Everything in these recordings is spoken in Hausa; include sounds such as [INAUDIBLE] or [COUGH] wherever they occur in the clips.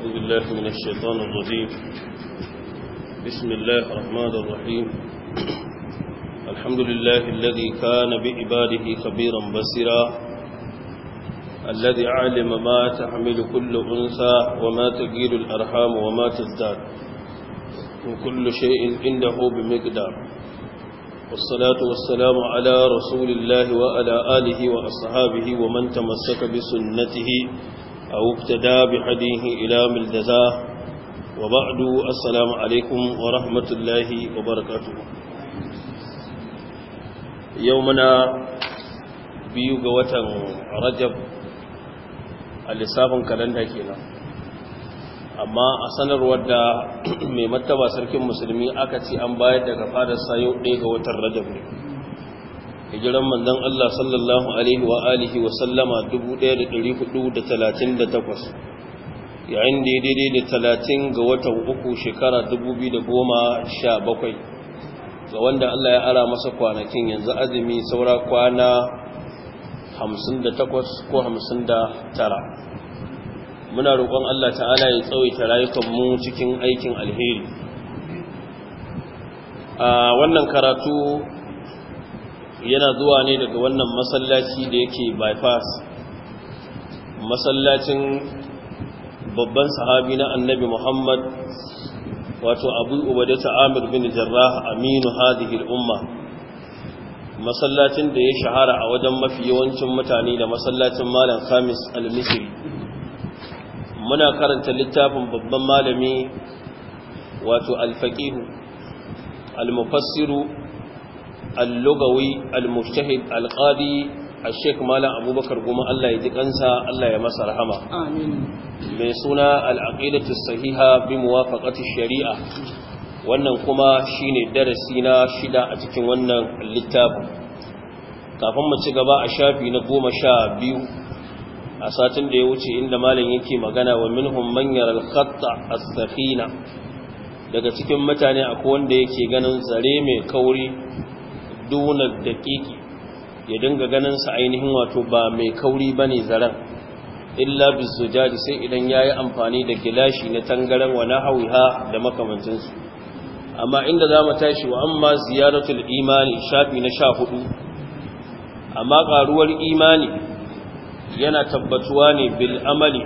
أعوذ بالله من الشيطان الرجيم بسم الله الرحمن الرحيم الحمد لله الذي كان بعباده خبيرا بصيرا الذي علم ما تحمل كل أنثى وما تجيل الأرحام وما تزداد وكل شيء عنده بمقدار والصلاة والسلام على رسول الله وعلى آله وأصحابه ومن تمسك بسنته أو افتدى بحديه إلى ملجزاه وبعد السلام عليكم ورحمة الله وبركاته يومنا بيوغة رجب lissafin kalanda kenan amma a sanarwar da mai mataba sarkin musulmi aka ci an bayar daga fadar yau ɗaya ga watan rajab ne hijiran manzon Allah sallallahu alaihi wa alihi wa sallama 1438 yayin da daidai da 30 ga watan uku shekara 2017 ga wanda Allah ya ara masa kwanakin yanzu azumi saura kwana 58 ko 59 muna roƙon Allah ta'ala ya tsawaita mu cikin aikin alheri a wannan karatu yana zuwa ne daga wannan masallaci da yake bypass masallacin babban sahabi na annabi muhammad wato abu ubada ta amir bin jarrah aminu Hadihil, umma masallacin da ya shahara a wajen mafi yawancin mutane da masallacin malam khamis al-misri muna karanta littafin babban malami wato al-faqih al-mufassiru al-lugawi al-mujtahid al-qadi al-sheikh malam abubakar goma Allah ya ji kansa Allah ya masa rahama mai suna al sahiha bi shari'a wannan kuma shine darasi na shida a cikin wannan littafin kafin mu ci gaba a shafi na goma sha biyu a satin da ya wuce inda malam yake magana wa minhum manyar yara al as daga cikin mutane akwai wanda yake ganin zare mai kauri duna daƙiƙi ya dinga ganin sa ainihin wato ba mai kauri ba bane zaran illa bizujaj sai idan yayi amfani da gilashi na tangaran wa nahawiha da makamancin su amma inda za mu tashi wa amma ziyaratul imani shafi na sha 14 amma karuwar imani yana tabbatuwa ne bil amali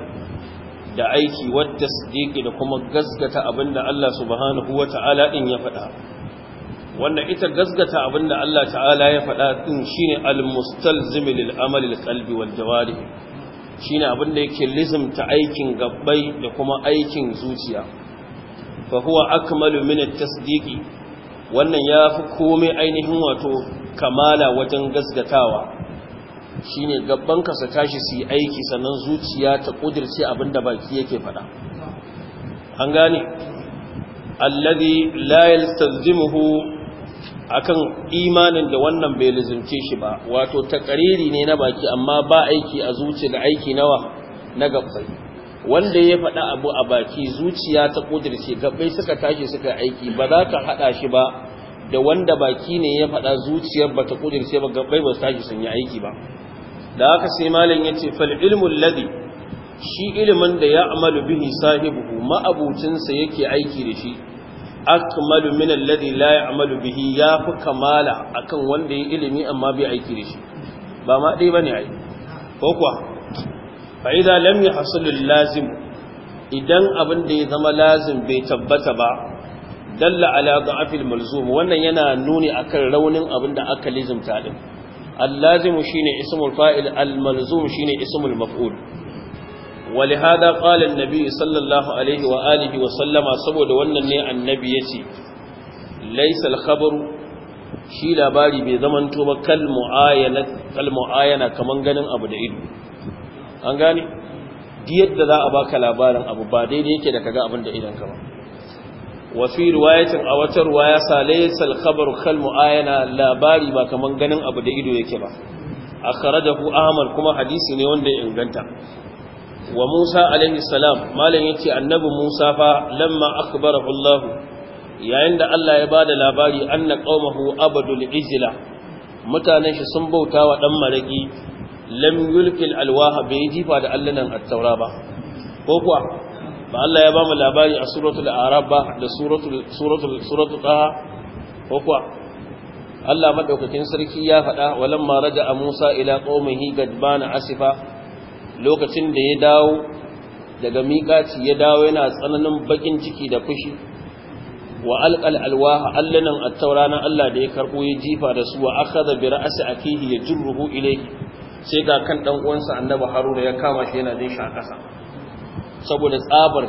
da aiki wadda siddiqi da kuma gaskata abinda Allah subhanahu wata'ala in ya faɗa wannan ita gasgata abinda Allah ta'ala ya faɗa din shine al-mustalzim lil amali lil qalbi wal jawarih shine abinda yake lizimta aikin gabbai da kuma aikin zuciya fa huwa akmalu min at-tasdiqi wannan fi komai ainihin wato kamala wajen gasgatawa shi gabban ka sa tashi su aiki sannan zuciya ta kudirce abinda baki yake faɗa an gane alladhi la yastazimuhu akan imanin da wannan bai lizimce shi ba wato takariri ne na baki amma ba aiki a zuci da aiki nawa na gabbai wanda ya faɗa abu a baki zuciya ta kudirce gabbai suka tashi suka aiki ba za ka haɗa shi ba da wanda baki ne ya faɗa zuciyar ba ta kudirce ba gabbai ba tashi sun yi aiki ba da haka sai malam ya ce fal ilmul ladhi shi ilimin da ya amalu bihi sahibu ma sa yake aiki da shi akmalu min alladhi la ya'malu bihi yafi kamala akan wanda ya ilimi amma bai aiki da shi ba ma dai bane ai ko kuwa fa idza lam yahsul lazim idan abin da ya zama lazim bai tabbata ba dalla ala da'afil malzum wannan yana nuni akan raunin abin da aka lizimta din al-lazim shine ismul fa'il al-malzum shine ismul maf'ul ولهذا قال النبي صلى الله عليه وآله وسلم سبود ونن النبي يتي ليس الخبر شي لاباري بزمن كالمعاينة كالمعاينة كمان غنم أبو دعيد an gane diyar da za a baka labarin abu ba daidai yake da kaga abin da idan ka ba wa fi riwayatin a wata riwaya salaysal khabaru kal muayana labari ba kaman ganin abu da ido yake ba akhrajahu ahmad kuma hadisi ne wanda ya inganta wa Musa alaihi salam malam yace annabi Musa fa lamma akhbarahu Allah yayin da Allah ya bada labari anna qaumahu abadul ijla mutanen shi sun bauta wa dan maraki lam alwaha bai jifa da allanan at-taura ba ko kuwa ba Allah ya bamu labari a suratul a'raf ba da suratul suratul suratul taha ko kuwa Allah madaukakin sarki ya faɗa walamma raja'a Musa ila qaumihi gadbana asifa lokacin da ya dawo daga miƙaci ya dawo yana tsananin bakin ciki da fushi wa alqal alwaha allanan at-taura na Allah da ya karɓo ya jifa da su wa akhadha bi ra'si akihi yajruhu ilayhi sai ga kan dan uwansa annabi haruna ya kama shi yana jin shi a ƙasa saboda tsabar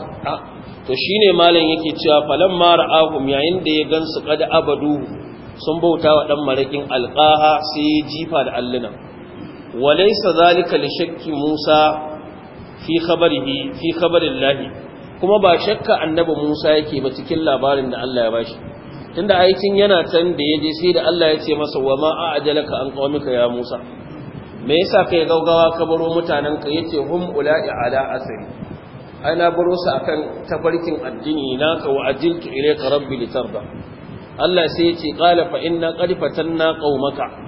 to shine malam yake cewa mara ra'ahum yayin da ya gansu qad abadu sun bauta wa dan marakin alqaha sai jifa da allanan walaysa zalika li shakki Musa fi khabarihi fi kuma ba shakka annabi Musa yake ba cikin labarin da Allah ya bashi tunda aikin yana can da yaje sai da Allah ya ce masa wa ma a'jalaka an qawmika ya Musa me yasa kai gaugawa ka baro mutanen ka yace hum ula'i ala asri ana baro su akan tafarkin addini naka wa ajiltu ilayka rabbi litarda Allah sai ya ce qala fa inna qad fatanna qaumaka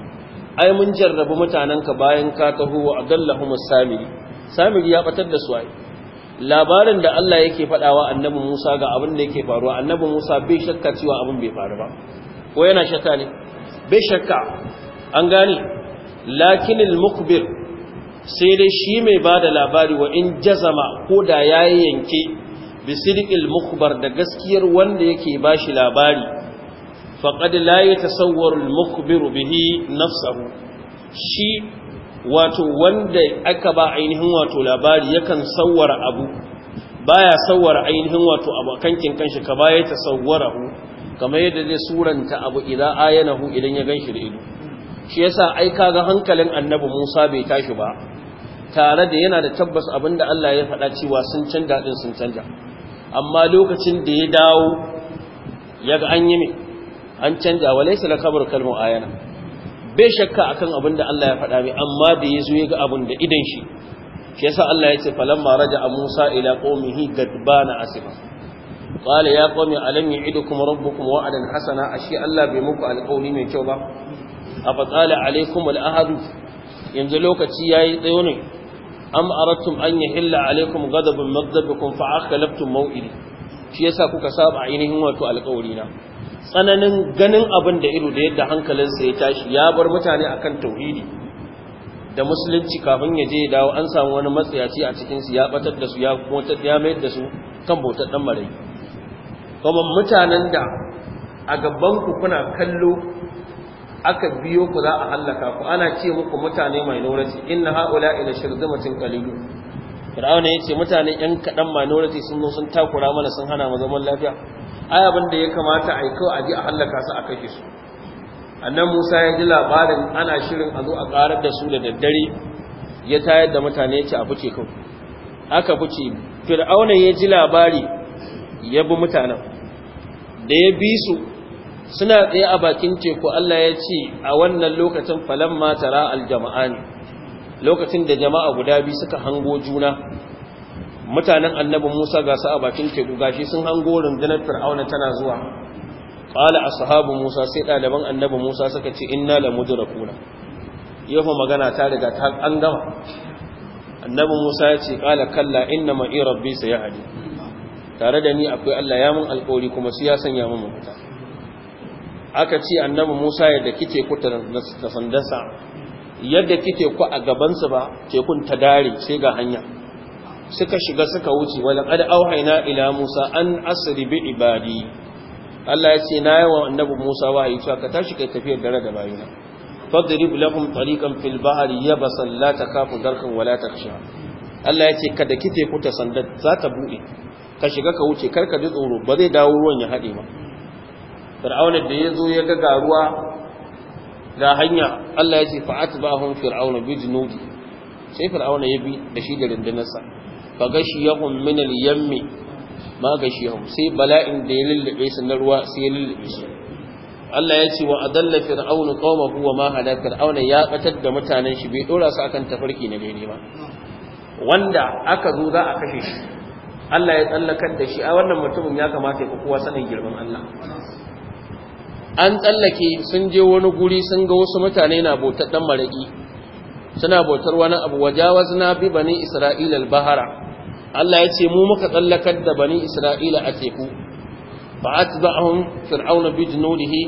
ai mun jarrabu mutanenka bayan ka taho wa adallahum samiri samiri ya batar da su labarin da Allah yake fadawa annabi Musa ga abin da yake faruwa annabi Musa bai shakka cewa abin bai faru ba ko yana shakka ne bai shakka an gane lakin al-muqbir sai dai shi mai bada labari wa in jazama ko da yayi yanke bi sidqil mukhbar da gaskiyar wanda yake bashi labari faqad la ta al-mukhbiru bihi nafsahu shi wato wanda aka ba ainihin wato labari yakan sawwara abu baya sawwara ainihin wato abu kankin kanshi ka baya tasawwarahu kamar yadda zai suranta abu idan ayanahu idan ya ganshi da ido shi yasa ai kaga hankalin annabi Musa bai tashi ba tare da yana da tabbas abinda Allah ya faɗa cewa sun canja din sun canja amma lokacin da ya dawo yaga an yi mai an canja wa laysa lakabar kalmu ayana bai shakka akan abin da Allah ya faɗa mai amma da zo ya ga abin da idan shi shi yasa Allah ya ce ma raja Musa ila qaumihi gadbana asifa qala ya qaumi alam yu'idukum rabbukum waadin hasana ashi Allah bai muku alƙawari mai kyau ba afa qala alaikum al'ahadu yanzu lokaci yayi tsayo ne am aradtum an yahilla alaikum ghadabun min rabbikum fa shi yasa kuka saba ainihin wato alƙawari na tsananin ganin abin da ido da yadda hankalinsa ya tashi ya bar mutane akan tauhidi da musulunci kafin ya je dawo an samu wani matsayaci a cikinsu ya batar da su ya motar ya mayar da su kan bautar dan marayi kuma mutanen da a gaban ku kuna kallo aka biyo ku za a hallaka ku ana ce muku mutane mai nauraci inna haula ila shirzimatin qalilu fir'auna yace mutane yan kadan nauraci sun zo sun takura mana sun hana mu zaman lafiya ai abin da ya kamata a yi kawai a ji a hallaka su a kashe su annan musa ya ji labarin ana shirin a zo a karar da su da daddare ya tayar da mutane ya ce a fice kawai aka fice fir'auna ya ji labari ya bi mutanen da ya bi su suna tsaye a bakin teku allah ya ce a wannan lokacin falamma tara aljama'ani lokacin da jama'a guda biyu suka hango juna mutanen annabi Musa ga su a bakin teku gashi sun hango rundunar Fir'auna tana zuwa qala ashabu Musa sai ɗaliban annabi Musa suka ce inna la mudrakuna yau magana ta riga ta an gama annabi Musa ya ce qala kalla inna ma rabbi sayahdi tare da ni akwai Allah ya mun alƙawari kuma su ya sanya mun mafita aka ce annabi Musa yadda kike ku ta sandasa yadda kike ku a su ba tekun ta dare sai ga hanya suka shiga suka wuce wala qad auhayna ila musa an asri bi ibadi Allah ya ce na wa annabi Musa wahayi cewa ka tashi kai tafiyar dare da bayina fadrib lahum tariqan fil bahri yabasan la takafu darkan wala Allah ya ce kada kite ku ta sanda za ta bude ka shiga ka wuce kar ka ji tsoro ba zai dawo ruwan ya hade ba Fir'auna da ya zo ya ga garuwa ga hanya Allah ya ce fa atba'ahum fir'auna bi junudi sai fir'auna ya bi da shi da rundunarsa fagashiyahum min al-yammi ma gashiyahum sai bala'in da ya lullube su na ruwa sai ya lullube su Allah ya ce wa adalla fir'aunu qaumahu wa ma hada fir'auna ya katar da mutanen shi bai dora su akan tafarki na daidai ba wanda aka zo za a kashe shi Allah ya tsallakar da shi a wannan mutumin ya kamata ya kowa sanin girman Allah an tsallake sun je wani guri sun ga wasu mutane na bautar dan maraki suna bautar wani abu wajawazna bi bani isra'ila al-bahara Allah ya ce mu muka tsallakar da bani Isra'ila a teku Ba ba a ci a atba'ahum fir'auna bi junudihi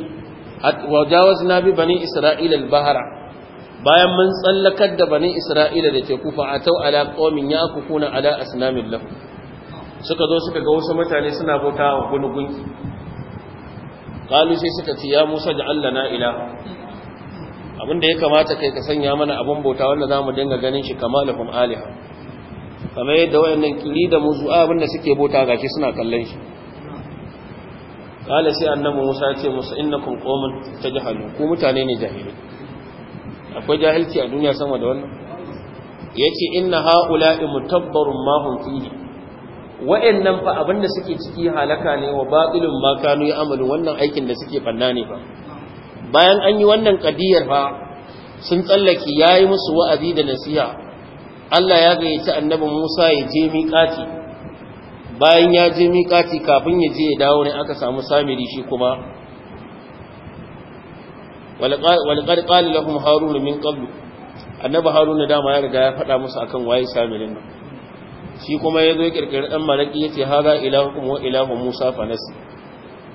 wa na bi bani Isra'ila al-bahra bayan mun tsallakar da bani Isra'ila da teku fa a atau ala qaumin yakufuna ala asnamin lahu suka zo suka ga wasu mutane suna bautawa gungunki qalu sai suka ce ya Musa ja'al lana Abin da ya kamata kai ka sanya mana abin bauta wanda za mu dinga ganin shi kamalahum aliha kamar yadda wayannan kiri da musu abin da suke bota gashi suna kallon shi kala sai annabi Musa ya ce musu innakum qaumun tajhalu ku mutane ne jahili akwai jahilci a duniya sama da wannan yace inna haula'i mutabbarun ma hum fihi wa'annan fa abinda suke ciki halaka ne wa batilun ma kanu ya'malu wannan aikin da suke fanna ne fa bayan an yi wannan kadiyar fa sun tsallake yayi musu wa'azi da nasiha Allah ya gayyaci annabi Musa ya je miƙati bayan ya je miƙati kafin ya je ya dawo ne aka samu samiri shi kuma walqad qala lahum harun min qablu annabi harun dama ya riga ya faɗa musu akan waye samirin nan shi kuma ya zo ya kirkiri dan malaki yace haza ilahukum wa ilahu Musa fanasi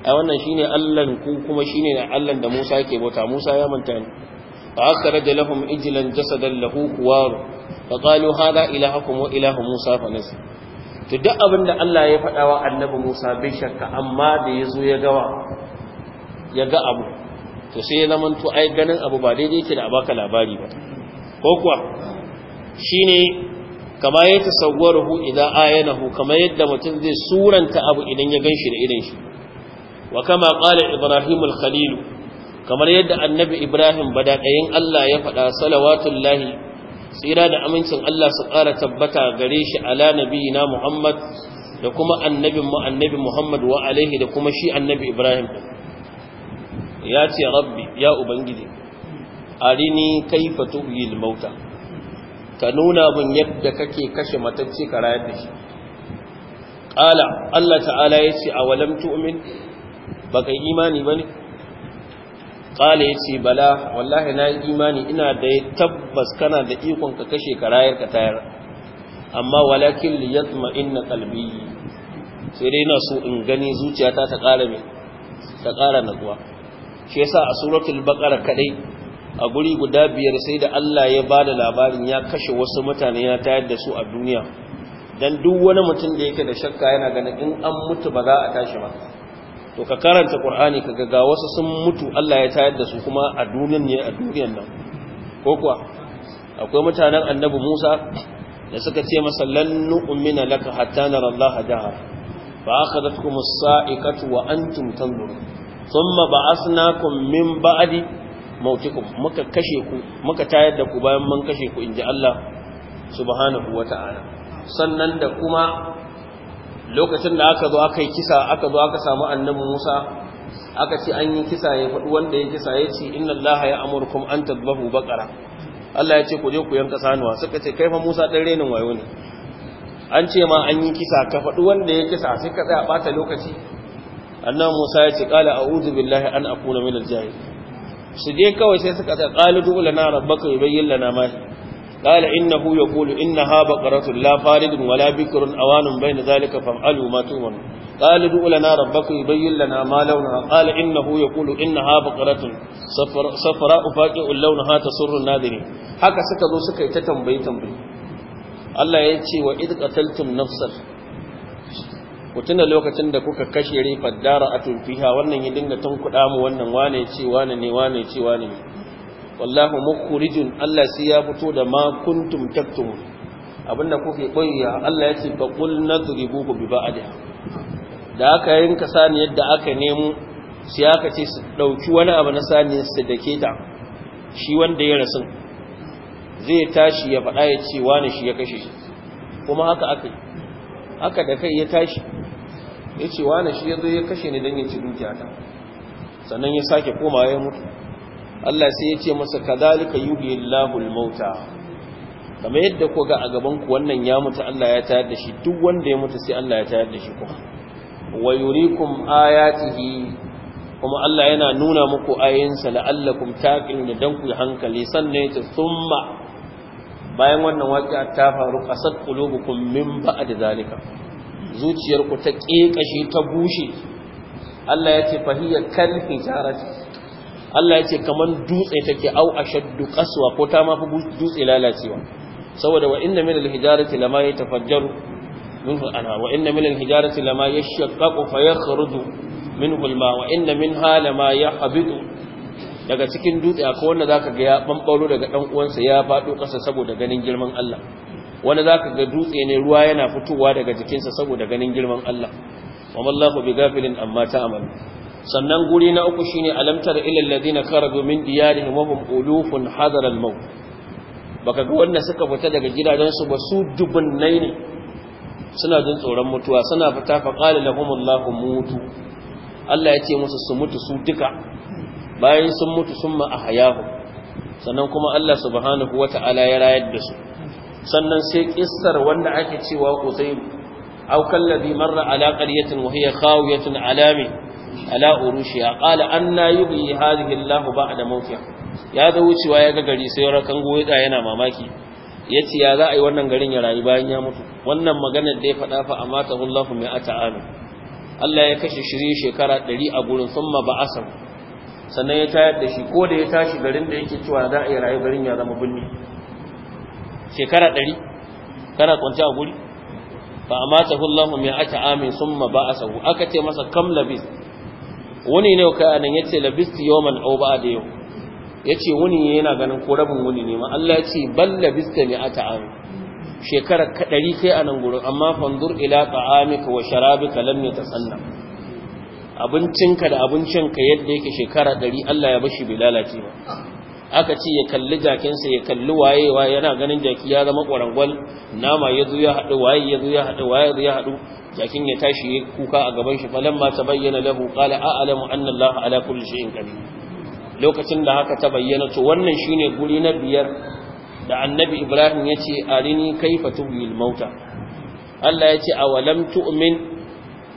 a wannan shine allan ku kuma shine Allahn da Musa yake bauta Musa ya manta ne فأخرج لهم إجلا جسدا له كوار فقالوا هذا إلهكم وإله موسى فنسي تدأ بند الله يفعل النبي موسى بشك أما ديزو يقوى يقى أبو تسيلا من تؤي قنن أبو بعديدي كلا أباك الأباري كوكوا شيني kama ya tasawwaruhu idan ayanahu kama yadda mutum zai suranta abu idan ya ganshi da irin shi wa kama qala ibrahimul khalil kamar yadda annabi ibrahim badaɗayin allah ya faɗa salawatullahi tsira da amincin allah su ƙara tabbata gare shi ala nabi na muhammad da kuma annabin mu annabi muhammad wa alaihi da kuma shi annabi ibrahim ya ce rabbi ya ubangiji arini kaifa tuhyi mauta ka nuna mun yadda kake kashe matacce ka rayar da shi Ƙala allah ta'ala yace awalam tu'min yi imani ne. ƙala ya ce bala wallahi na yi imani ina da tabbas kana da ikon ka kashe karayar ka tayar amma walakin liyat inna kalbi sai dai na so in gani zuciyata ta ƙara mai ta ƙara naguwa shi yasa a suratul baqara kadai a guri guda biyar sai da Allah ya bada labarin ya kashe wasu mutane ya tayar da su a duniya dan duk wani mutum da yake da shakka yana ganin in an mutu ba za a tashi ba to ka karanta qur'ani ka ga wasu sun mutu Allah ya tayar da su kuma a duniyar ne a duniyar nan ko kuwa akwai mutanen annabi Musa da suka ce masa lan nu'mina laka hatta nara Allah jahar fa akhadhatkum as-sa'iqatu wa antum tanzurun thumma ba'athnakum min ba'di mautikum muka kashe ku muka tayar da ku bayan mun kashe ku inji Allah subhanahu wata'ala sannan da kuma lokacin da aka zo aka yi kisa aka zo aka samu annabi Musa aka ce an yi kisa ya faɗi wanda ya kisa ya ce inna Allah ya amurkum an tadbahu baqara Allah ya ce ku je ku yanka sanuwa suka ce kai fa Musa dan renin wayo ne an ce ma an yi kisa ka faɗi wanda ya kisa sai ka tsaya bata lokaci annabi Musa ya ce qala a'udhu billahi an akuna min al-jahil su je kawai sai suka ce qalu du'u lana rabbaka yubayyin lana ma قال إنه يقول إنها بقرة لا فارد ولا بكر أوان بين ذلك فافعلوا ما تؤمن قال ادعوا لنا ربك يبين لنا ما لونها قال إنه يقول إنها بقرة صفر صفراء فاقع لونها تسر الناذرين haka suka zo suka yi ta tambayi-tambayi. Allah ya ce wa id qataltum ku tuna lokacin da kuka kashe rifar dara a fiha wannan ya dinga tun kuɗa mu wannan wane ce wane ne wane ce wane ne wallahu mukhrijun Allah sai ya fito da ma kuntum taktum abinda kuke koyya Allah ya ce fa qul nadribu bi ba'dha da aka yanka sani yadda aka nemo sai aka ce su dauki wani abu na sani su dake ta shi wanda ya rasu zai tashi ya faɗa ya ce wani shi ya kashe shi kuma haka aka haka da kai ya tashi ya ce wani shi ya zo ya kashe ni don yin ci dukiyata sannan ya sake komawa ya mutu Allah sai ya ce masa kadhalika yuhyillahu al-mauta kamar yadda ku ga a gaban ku wannan ya mutu Allah ya tayar da shi duk wanda ya mutu sai Allah ya tayar da shi kuma wa yurikum ayatihi kuma Allah yana nuna muku ayoyinsa la'allakum taqilun dan ku hankali sannan ce thumma bayan wannan waqi'a ta faru qasat qulubukum min ba'd zalika zuciyarku ta kekashe ta bushe Allah ya yace fahiya kal hijarati Allah ya ce kamar dutse take au ashaddu kasuwa ko ta mafi dutse lalacewa saboda wa inna min al-hijarati lama yatafajjaru minhu ana wa inna min al lama ya yashaqqaqu fa yakhruju minhu al-ma wa inna ma ya yahbitu daga cikin dutse akwai wanda zaka ga ya bambaro daga dan uwansa ya fado kasa saboda ganin girman Allah wanda zaka ga dutse ne ruwa yana fitowa daga jikinsa saboda ganin girman Allah wa mallahu bighafilin amma ta'malu sannan guri na uku shine alamtar ilal ladina kharaju min diyarihim wa hum ulufun hadar al maut baka ga wanda suka fita daga gidajensu ba su dubunnai ne suna jin tsoron mutuwa suna fita fa qala lahumullahu mutu Allah ya ce musu su mutu su duka bayan sun mutu summa ahyahu sannan kuma Allah subhanahu wata'ala ya rayar da su sannan sai kissar wanda ake cewa Qusayb aw kallazi marra ala qaryatin wa hiya khawiyatun alami ala urushiya qala anna yubi hadhihi allah ba'da mawtiha ya zo wucewa ya ga gari sai rakan goyida yana mamaki yace ya za a yi wannan garin ya rayu bayan ya mutu wannan maganar da ya faɗa fa amatahu allah mai ata amin allah ya kashe shiri shekara 100 a gurin summa ba'asa sannan ya tayar da shi ko da ya tashi garin da yake cewa za a yi rayu garin ya zama binni shekara 100 kana kwance a guri fa amatahu allah mai ata amin summa ba'asa aka ce masa kam labis wani ne ka anan yace labisti yawman aw ba'da yau yace wani yana ganin ko rabin wani ne ma Allah yace bal labista mi ata'am shekara ka dari sai anan gurin amma fanzur ila ta'amika wa sharabika lam yatasanna abincinka da abincinka yadda yake shekara dari Allah ya bashi bai lalace ba aka ce ya kalli jakinsa ya kalli wayewa yana ganin jaki ya zama kwarangwal. nama ya zo ya haɗu waye ya zo ya haɗu waye ya haɗu jakin ya tashi ya kuka a gaban shi falan ma bayyana lahu qala a'lamu anna allaha ala kulli shay'in qadir lokacin da haka ta bayyana to wannan shine guri na biyar da annabi ibrahim ya ce arini kaifa tuhyil mauta allah ya ce walam tu'min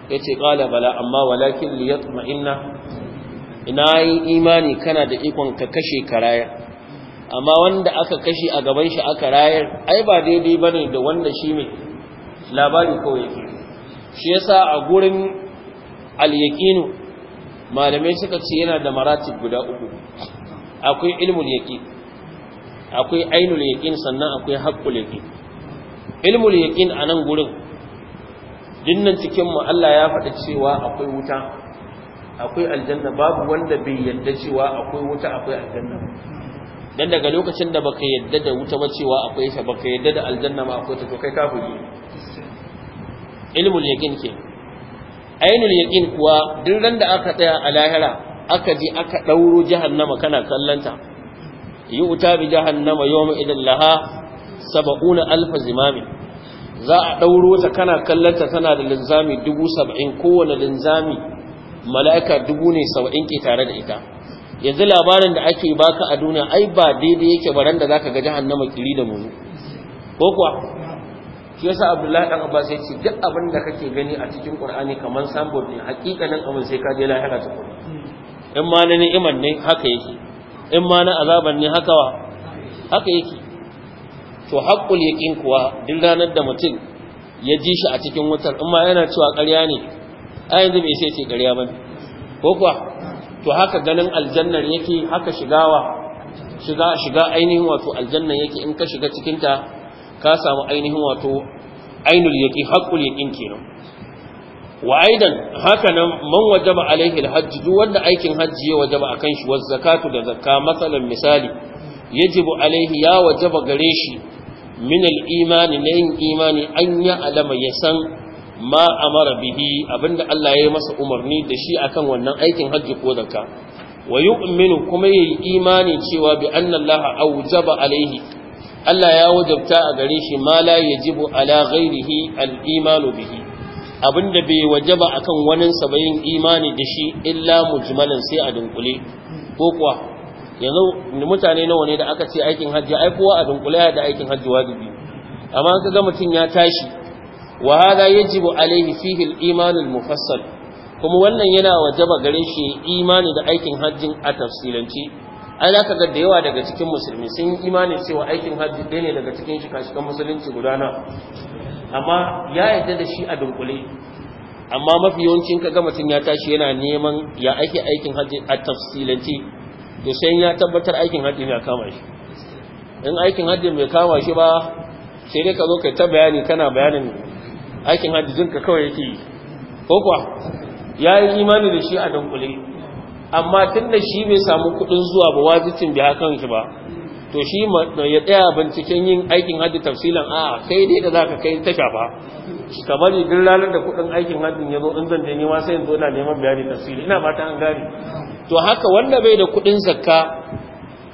ya ce qala bala amma walakin liyatma'inna ina yi imani kana da ikon ka kashe ka rayar amma wanda aka kashe a gaban shi aka rayar ai ba daidai bane da wanda shi mai labari kawai yake shi yasa a gurin al-yaqinu malamai suka ce yana da maratib guda uku akwai ilmul yaqin akwai ainul yaqin sannan akwai haqqul yaqin ilmul yaqin anan gurin dinnan cikin mu Allah ya faɗa cewa akwai wuta akwai aljanna babu wanda bai yadda cewa akwai wuta akwai aljanna dan daga lokacin da baka yadda da wuta ba cewa akwai sa baka yadda da aljanna ma akwai ta to kai kafiri ilmul yaqin ke ainul yaqin kuwa duk ran da aka tsaya a lahira aka ji aka dauro jahannama kana kallanta yu'ta bi jahannama yawma idan laha sab'una alf zimamin za a dauro ta kana kallanta tana da linzami 70 kowane linzami mala'ika dubu ne saba'in ke tare da ita yanzu labarin da ake baka a duniya ai ba daidai yake baran da zaka ga jahannama kiri da mu ko kuwa shi yasa abdullahi dan abbas ya ce duk abin da kake gani a cikin qur'ani kamar sambo ne hakikanin abin sai ka je lahira ta kuma in ma na ni'iman ne haka yake in ma na azaban ne haka wa haka yake to haqqul yaqin kuwa duk ranar da mutum ya ji shi a cikin wutar in ma yana cewa ƙarya ne a yanzu sai ce ƙarya ba ko kuwa to haka ganin aljannar yake haka shigawa shiga shiga ainihin wato aljannar yake in ka shiga cikinta ka samu ainihin wato ainul yaqi haqqul yaqin kenan wa aidan haka nan man wajaba alaihi alhajj duk wanda aikin hajji ya wajaba akan shi waz zakatu da zakka masalan misali yajibu alaihi ya wajaba gare shi min al-imani na yin imani an ya alama ya san ma amara bihi abinda Allah ya yi masa umarni da shi akan wannan aikin hajji ko zakka wa yu'minu kuma yayi imani cewa bi annallaha awjaba alaihi Allah ya wajabta a gare shi ma la yajibu ala ghairihi al iman bihi abinda bai wajaba akan wanin sa bayin imani da shi illa mujmalan sai a dunkule ko kuwa yanzu mutane nawa ne da aka ce aikin hajji ai kowa a dunkule da aikin hajji wajibi amma kaga mutun ya tashi wa hada yajibu Alayhi fihi al-iman al-mufassal kuma wannan yana wajaba gare shi imani da aikin hajjin a tafsilanci ai zaka ga da yawa daga cikin musulmi sun imani cewa aikin hajji ɗaya ne daga cikin shi kashikan musulunci gudana amma ya yadda da shi a dunkule amma mafi yawancin kaga mutum ya tashi yana neman ya aiki aikin hajji a tafsilanci to sai ya tabbatar aikin hajji ya kama shi in aikin hajji bai kama shi ba sai dai ka zo kai ta bayani kana bayanin aikin hajjin jinka kawai yake yi ko kuwa ya yi imani da shi a dunkule amma tun da shi bai samu kudin zuwa ba wajibin bai hakan shi ba to shi ya tsaya binciken yin aikin hajji tafsilan a kai dai da zaka kai ta shafa kamar idan ranar da kudin aikin hajjin ya zo in zan je nema sai in zo na neman bayani tafsili ina fata an gane to haka wanda bai da kudin zakka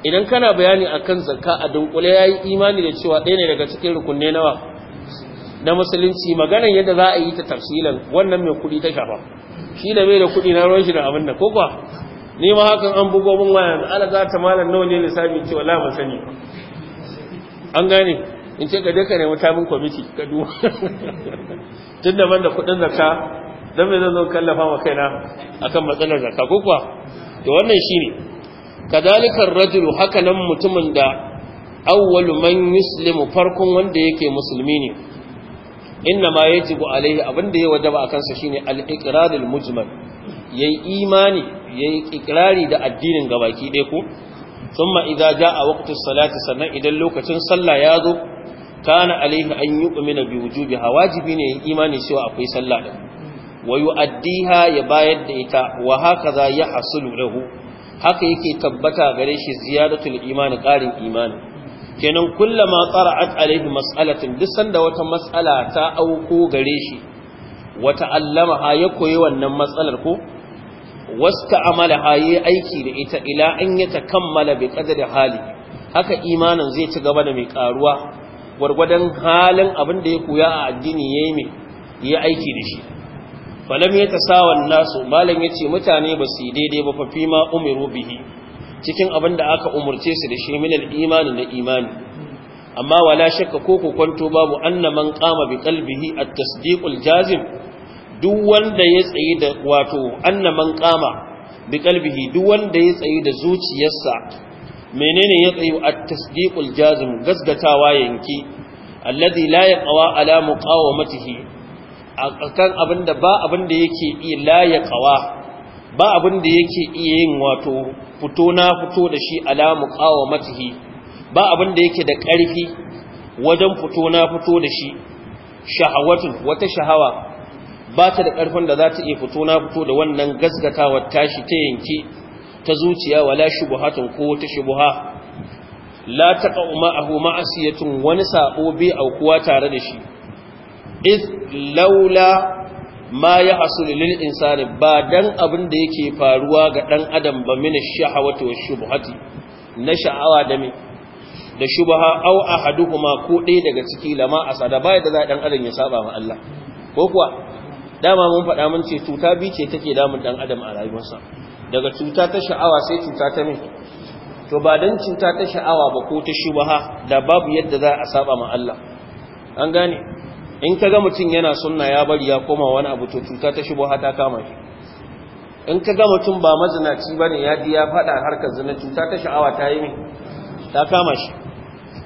idan kana bayani akan zakka a dunkule yayi imani da cewa ɗaya ne daga cikin rukunne nawa na musulunci maganar yadda za a yi ta tafsilan wannan mai kuɗi ta shafa shi da mai da kuɗi na ruwan shi da abin da kokwa ne ma hakan an bugo min waya ala za ta malam nawa ne lissafi ce wala ban sani an gane in ce ka je ka nemi tabin kwamiti ka duwa tun da banda kuɗin zakka dan me zan zo kallafa ma kaina akan matsalar zakka kokwa to wannan shi ne. kadalikar rajulu haka nan mutumin da awwalu man yuslimu farkon wanda yake musulmi ne inna ma yajibu alaihi abinda ya wajaba akan sa shine al-iqrarul mujmal yayi imani yayi ikrari da addinin gabaki ɗaya ko thumma idza jaa waqtus salati sannan idan lokacin sallah ya zo kana alaihi an yu'mina bi wujubiha wajibi ne yayi imani cewa akwai sallah din wa yu'addiha ya bayar da ita wa haka hakaza yahsulu lahu haka yake tabbata gare shi ziyadatul imani ƙarin imani kenan ma tsara'at alaihi matsalatin duk sanda wata matsala ta auko gare shi wata allama ya koyi wannan matsalar ko waska amala yi aiki da ita ila an ta kammala bai kada da hali haka imanin zai ci gaba da mai karuwa gwargwadon halin abin da ya koya a addini ya yi aiki da shi falam yatasawan nasu malam ya ce mutane ba su daidai ba fafi ma umiru bihi cikin abin da aka umarce su da shi minal imani na imani amma wala shakka ko ku kwanto babu anna man qama bi qalbihi at-tasdiqul jazim duk wanda ya tsaye da wato anna man qama bi qalbihi duk wanda ya tsaye da zuciyarsa menene ya tsayu at-tasdiqul jazim gasgatawa yanki alladhi la yaqwa ala muqawamatihi akan abinda ba abinda yake iya la yaqwa ba abin da yake iya yin wato fito na fito da shi alamu kawo muqawamatihi ba abin da yake da ƙarfi wajen fito na fito da shi wata shahawa ba ta da ƙarfin da za ta iya fito na fito da wannan gaskatawar tashi ta yanki ta zuciya wala shubuhatun ko ta shubuha la taqa'u ma'ahu ma'asiyatun wani saƙo bi aukuwa tare da shi iz laula ma ya hasulu lil insani ba dan abin da yake faruwa ga dan adam ba min shahawati wa shubhati na sha'awa da me da shubha aw ahaduhuma ko ɗaya daga ciki lama asada bai da dan adam ya saba ma Allah ko kuwa dama mun faɗa mun ce cuta bi ce take damun dan adam a rayuwarsa daga cuta ta sha'awa sai cuta ta me to ba dan cuta ta sha'awa ba ko ta shubha da babu yadda za a saba ma Allah an gane in kaga mutum yana sunna ya bari ya koma wani abu to cuta ta shigo har ta kama shi in kaga mutum ba mazinaci bane ya ji ya fada harkar zina cuta ta sha'awa ta yi ta kama shi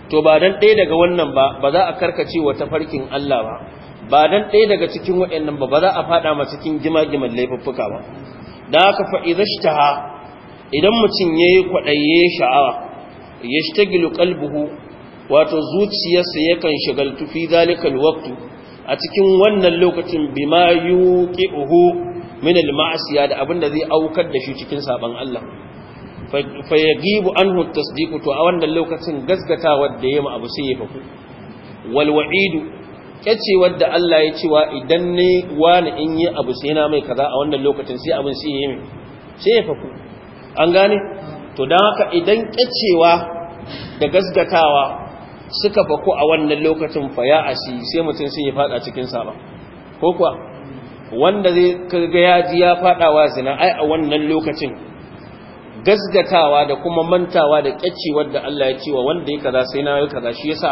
to ba dan ɗaya daga wannan ba ba za a karkace wa tafarkin Allah ba ba dan ɗaya daga cikin waɗannan ba ba za a fada ma cikin gima-giman laifuffuka ba da haka fa idan mutum ya yi kwaɗayye sha'awa ya yashtagilu qalbuhu wato zuciyarsa yakan shigar tufi zalikal waktu a cikin wannan lokacin bima uhu min al-ma'siya da abinda zai aukar da shi cikin saban Allah fa yagibu anhu at-tasdiq to a wannan lokacin gaskatawa da yema abu sai ya faku wal wa'id kacewar wanda Allah ya cewa idan ne wani in yi abu sai na mai kaza a wannan lokacin sai abin sai ya yi sai ya faku an gane to dan haka idan kacewa da gaskatawa suka fako a wannan lokacin fa ya asi sai mutum sai ya fada cikin saba ko kuwa wanda zai kaga ya ji ya fadawa zina ai a wannan lokacin gasgatawa da kuma mantawa da kyacce da Allah ya ce wa wanda ya kaza sai na yi kaza shi yasa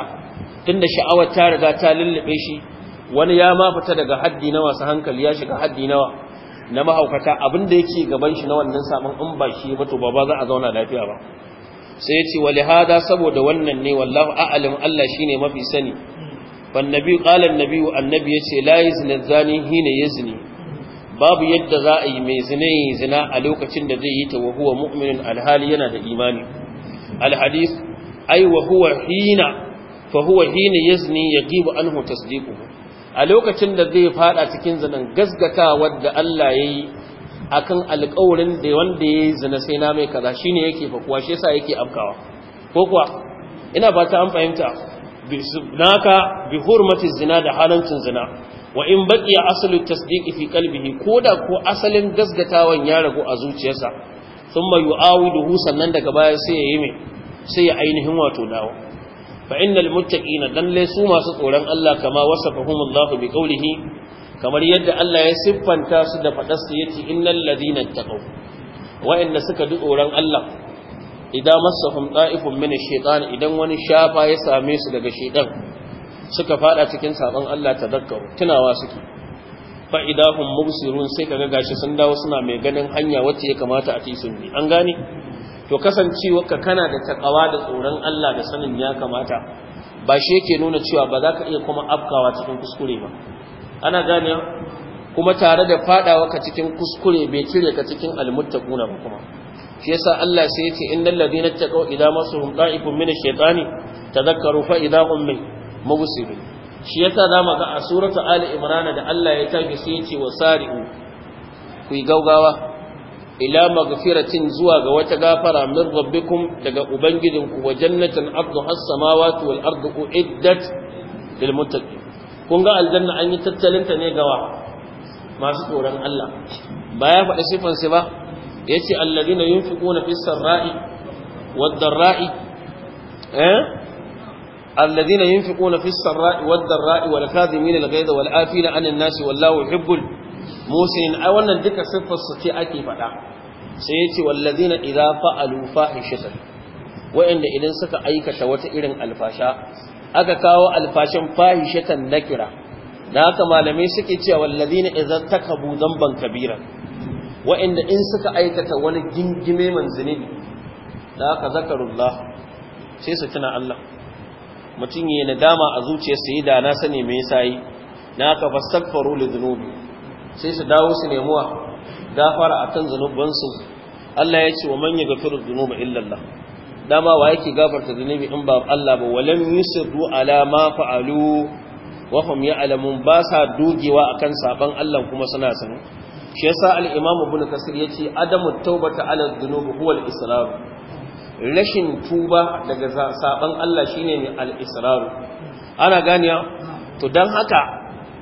tunda sha'awar ta riga ta lullube shi wani ya ma fita daga haddi na wasu hankali ya shiga haddi nawa na mahaukata abinda yake gaban shi na wannan sabon in ba shi ba to ba za a zauna lafiya ba sai yace wali hada saboda wannan ne wallahu a'lam Allah shine mafi sani wan nabi qala annabi annabi yace la yazni zani hina yazni babu yadda za a yi mai zina zina a lokacin da zai yi ta wa huwa mu'minun alhali yana da imani alhadis ai wa huwa hina fa huwa hina yazni yajibu anhu tasdiquhu a lokacin da zai fada cikin zanen gaskatawa da Allah yayi akan alƙawarin da wanda ya zina sai na mai kaza shine yake fakuwa shi yasa yake afkawa ko kuwa ina ba ta an fahimta naka bi hurmati zina da halancin zina wa in baki aslu tasdiqi fi qalbihi koda ko asalin gasgatawan ya ragu a zuciyarsa thumma yu'awiduhu sannan daga baya sai ya yi mai sai ya ainihin wato dawo fa innal muttaqina dan su masu tsoron Allah kama wasafahum Allah bi qawlihi kamar yadda Allah ya siffanta su da faɗar su yace innal ladina taqaw wa'inda suka ji tsoron Allah idan masahum ta'ifun min ash-shaytan idan wani shafa ya same su daga shaytan suka fada cikin sabon Allah tadakkaru tunawa suke fa idahum mubsirun sai kaga gashi sun dawo suna mai ganin hanya wacce ya kamata a ci sun bi an gane to kasancewarka kana da takawa da tsoron Allah da sanin ya kamata ba shi yake nuna cewa ba za ka iya kuma afkawa cikin kuskure ba ana gane kuma tare da fadawa ka cikin kuskure bai cire ka cikin almuttaquna ba kuma shi yasa Allah sai ya ce innal ladina taqaw idza masuhum da'ifun min ash-shaytani tadhakkaru fa idza hum mubsirun shi yasa zamu ga a suratu ali imran da Allah ya tafi sai ya ce wasari'u ku yi gaugawa ila magfiratin zuwa ga wata gafara min rabbikum daga ubangijinku wa jannatin ardu samawati wal ardu uiddat lil muttaqin kun ga aljanna an yi tattalinta ne gawa masu tsoron Allah ba ya faɗi sifansu ba ya ce allazina yunfiquna fis sarra'i wad darra'i eh الذين ينفقون في السراء والضراء والكاظمين الغيظ والعافين عن الناس والله يحب المحسنين ai wannan duka siffar su ce ake faɗa sai yace wallazina idza fa'alu fahishatan wa'anda idan suka aikata wata irin alfasha aka kawo alfashin fahishatan nakira da haka malamai suke cewa wallazina idan takabu zamban kabira wa'anda in suka aikata wani gingime manzini da haka zakarullah sai su tuna Allah mutum yayin nadama a zuciyarsa yi da na sani me yasa yi na haka fastaghfaru li dhunubi sai su dawo su nemuwa gafara akan zanubansu Allah ya ce wa man yaghfiru dhunuba illa Allah dama wa yake gafarta zunubi in ba Allah ba walam yusru ala ma fa'alu wa hum ya'lamun ba sa dogewa akan saban Allah kuma suna sani shi yasa al-imam ibn kasir yace adamu tawbata ala dhunubi huwa al rashin tuba daga saban Allah shine ne al-israr ana ganiya to dan haka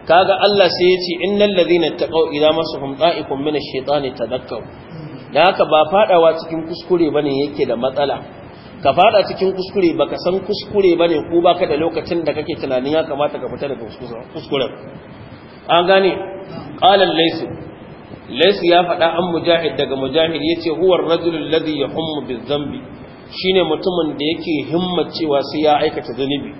kaga Allah sai ya ce innal ladhina taqaw idza masahum da'ifun min ash-shaytani tadhakkaru dan haka ba fadawa cikin kuskure bane yake da matsala ka fada cikin kuskure baka san kuskure bane ko baka da lokacin da kake tunanin ya kamata ka fita daga kuskuren an gane qala laysu laysu ya fada an mujahid daga mujahid yace huwa ar-rajul alladhi yahummu bi-dhanbi shine mutumin da yake himmacewa sai ya aikata zanubi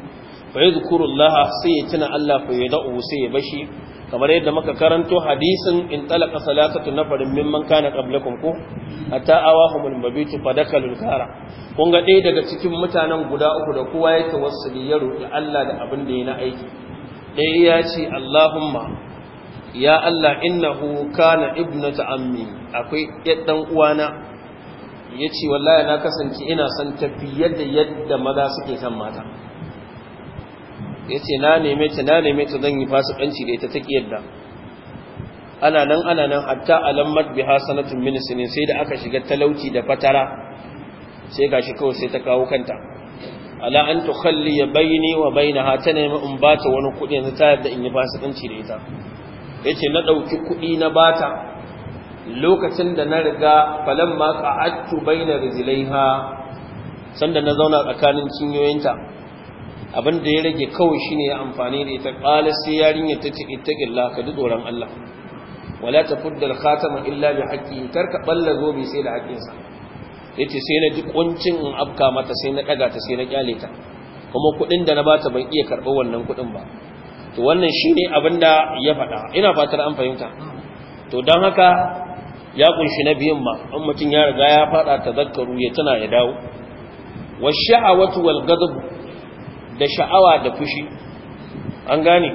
fa yadhkurullaha sai ya tuna Allah fa yada'u sai ya bashi kamar yadda muka karanto hadisin in talaka na nafarin mimman kana qablakum ku, hatta awahumul mabitu al kara kun ga ɗaya daga cikin mutanen guda uku da kowa ya tawassuli ya roƙi Allah da abin da ya aiki ɗaya ya ce Allahumma ya Allah innahu kana ibnata ammi akwai ɗan uwana ya ce wallahi na kasance ina son tafi yadda yadda maza suke san mata ya ce na neme ta na neme ta zan yi fasikanci da ita ta yadda ana nan ana nan hatta alammat bi sanatun min sinin sai da aka shiga talauci da fatara sai gashi kawai sai ta kawo kanta ala an ya baini wa bainaha ta nemi in bata wani kuɗi yanzu ta yadda in yi fasikanci da ita yace na ɗauki kuɗi na bata lokacin da na riga ma qa'adtu bainar rijlaiha sanda na zauna tsakanin cinyoyinta abin da ya rage kawai shine ya amfani da ita qala sai yarinya ta ce ita ittaqillah ka ji tsoron Allah wala ta tafuddal khatama illa bi kar karka balla zobe sai da haƙƙinsa ce sai na ji kuncin in afka mata sai na ɗaga ta sai na ƙyale ta kuma kuɗin da na bata ban iya karɓar wannan kuɗin ba to wannan shine abin da ya faɗa ina fatar an fahimta to don haka ya ƙunshi na biyun ma in mutum ya riga ya faɗa ta tazakkaru ya tana ya dawo wash-sha'awatu wal da sha'awa da fushi an gane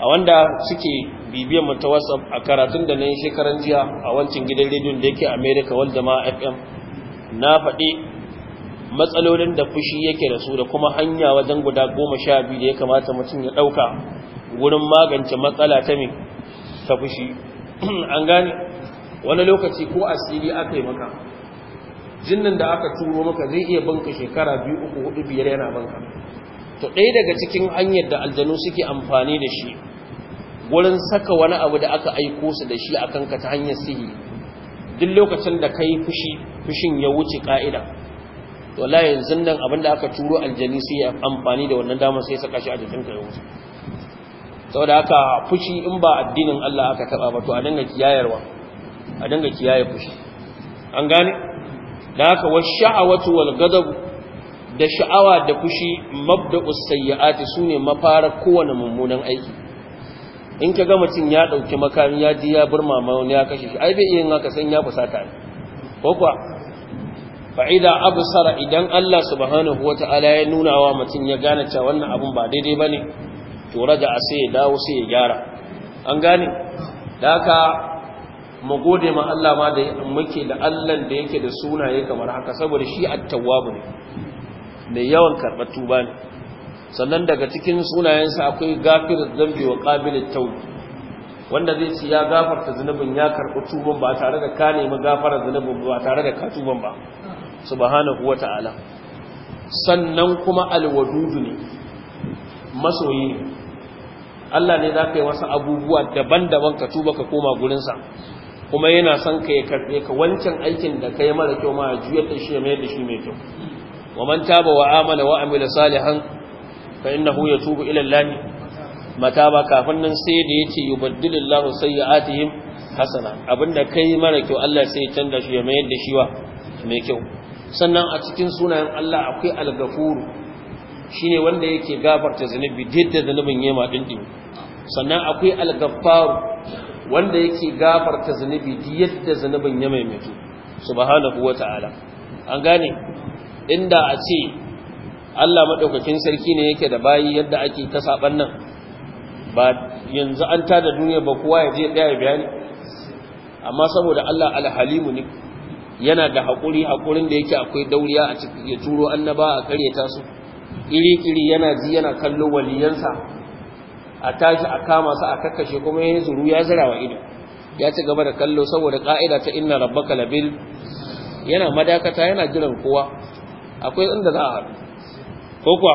a wanda suke bibiyar mu ta WhatsApp a karatun da nayi shekaran jiya a wancan gidan rediyon da yake America wanda ma FM na faɗi matsalolin da fushi yake da su da kuma hanya wajen guda goma sha biyu da ya kamata mutum ya ɗauka wurin magance matsala ta mai ta fushi [CLEARS THROAT] an gane wani lokaci ko asiri aka yi maka jinnin da aka turo maka zai iya banka shekara biyu uku hudu biyar yana banka to ɗaya daga cikin hanyar da aljanu suke amfani da shi wurin saka wani abu da aka aiko su da shi a kanka ta hanyar sihiri duk lokacin da ka yi fushi fushin ya wuce ƙa'ida to la yanzu nan abin da aka turo aljani sai amfani da wannan damar sai saka shi a jikinka ya wuce saboda haka fushi in ba addinin Allah aka taba ba to a dinga kiyayarwa a dinga kiyaye fushi an gane da haka wash sha'awatu wal ghadab da sha'awa da fushi mabda'us sayyi'ati sune mafarar kowane mummunan aiki in ka kaga mutum ya ɗauki makami ya ji ya burma mawani ya kashe shi ai bai iya haka san ya fusata ne ko kuwa fa abu absara idan Allah subhanahu wata'ala ya nuna wa mutum ya gane cewa wannan abun ba daidai ne, to raja sai ya dawo sai ya gyara an gane da haka mu gode ma Allah ma da muke da Allah da yake da sunaye kamar haka saboda shi at-tawwab ne mai yawan karɓar tuba ne sannan daga cikin sunayensa akwai gafir zambi wa ƙabilin taubi wanda zai ci ya gafarta zunubin ya karɓi tuban ba tare da ka nemi gafarar zunubin ba tare da ka tuban ba subhanahu wa ta'ala sannan kuma alwadudu ne masoyi ne Allah ne za ka yi wasu abubuwa daban-daban ka tuba ka koma gurinsa kuma yana son ka yi karɓe ka wancan aikin da ka yi mara kyau ma a juyar da shi mai da shi mai kyau wa تاب taba wa صالحا wa يتوب salihan الله innahu yatubu ila Allah mataba kafin nan sai da yace yubaddilillahu sayyi'atihim hasana abinda kai mara kyau Allah sai ya canza shi ya mayar da shi a cikin sunayen Allah akwai al shine wanda yake gafarta zanubi didda zanubin yema dindin sannan akwai al gaffar wanda yake gafarta zanubi didda zanubin yema mai mutu subhanahu wata'ala an gane inda a ce Allah maɗaukakin sarki ne yake da bayi yadda ake ta saɓan nan ba yanzu an tada duniya ba kowa ya je ɗaya bayani amma saboda Allah alhalimu ne yana da haƙuri haƙurin da yake akwai dauriya a cikin ya turo annaba a ƙaryata su iri-iri yana ji yana kallo waliyansa a tashi a kama su a kakkashe kuma yin zuru ya zira wa ido ya ci gaba da kallo saboda ka'ida ta inna rabbaka labil yana madakata yana jiran kowa akwai inda za a haɗu ko kuwa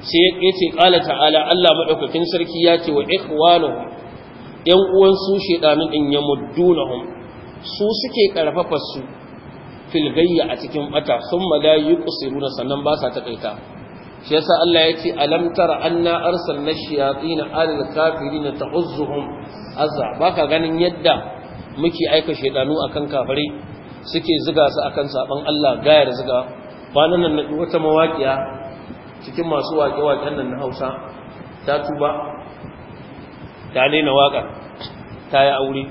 sai ya ce ƙala ta'ala Allah maɗaukakin sarki ya ce wa Ikhwanu ‘yan uwan su shaidanin ya muddunahum su suke ƙarfafa su filgayya a cikin bata sun mala yi kusuruna sannan ba sa taƙaita shi yasa Allah ya ce alamtar anna arsar na shayatsi na alil kafiri na ta'uzzuhum azza ba ganin yadda muke aika shaidanu akan kafari suke ziga su akan saban Allah gayar ziga kwanan nan na wata mawaƙiya cikin masu waƙe-waƙen nan na hausa ta tuba ta daina waƙa ta yi aure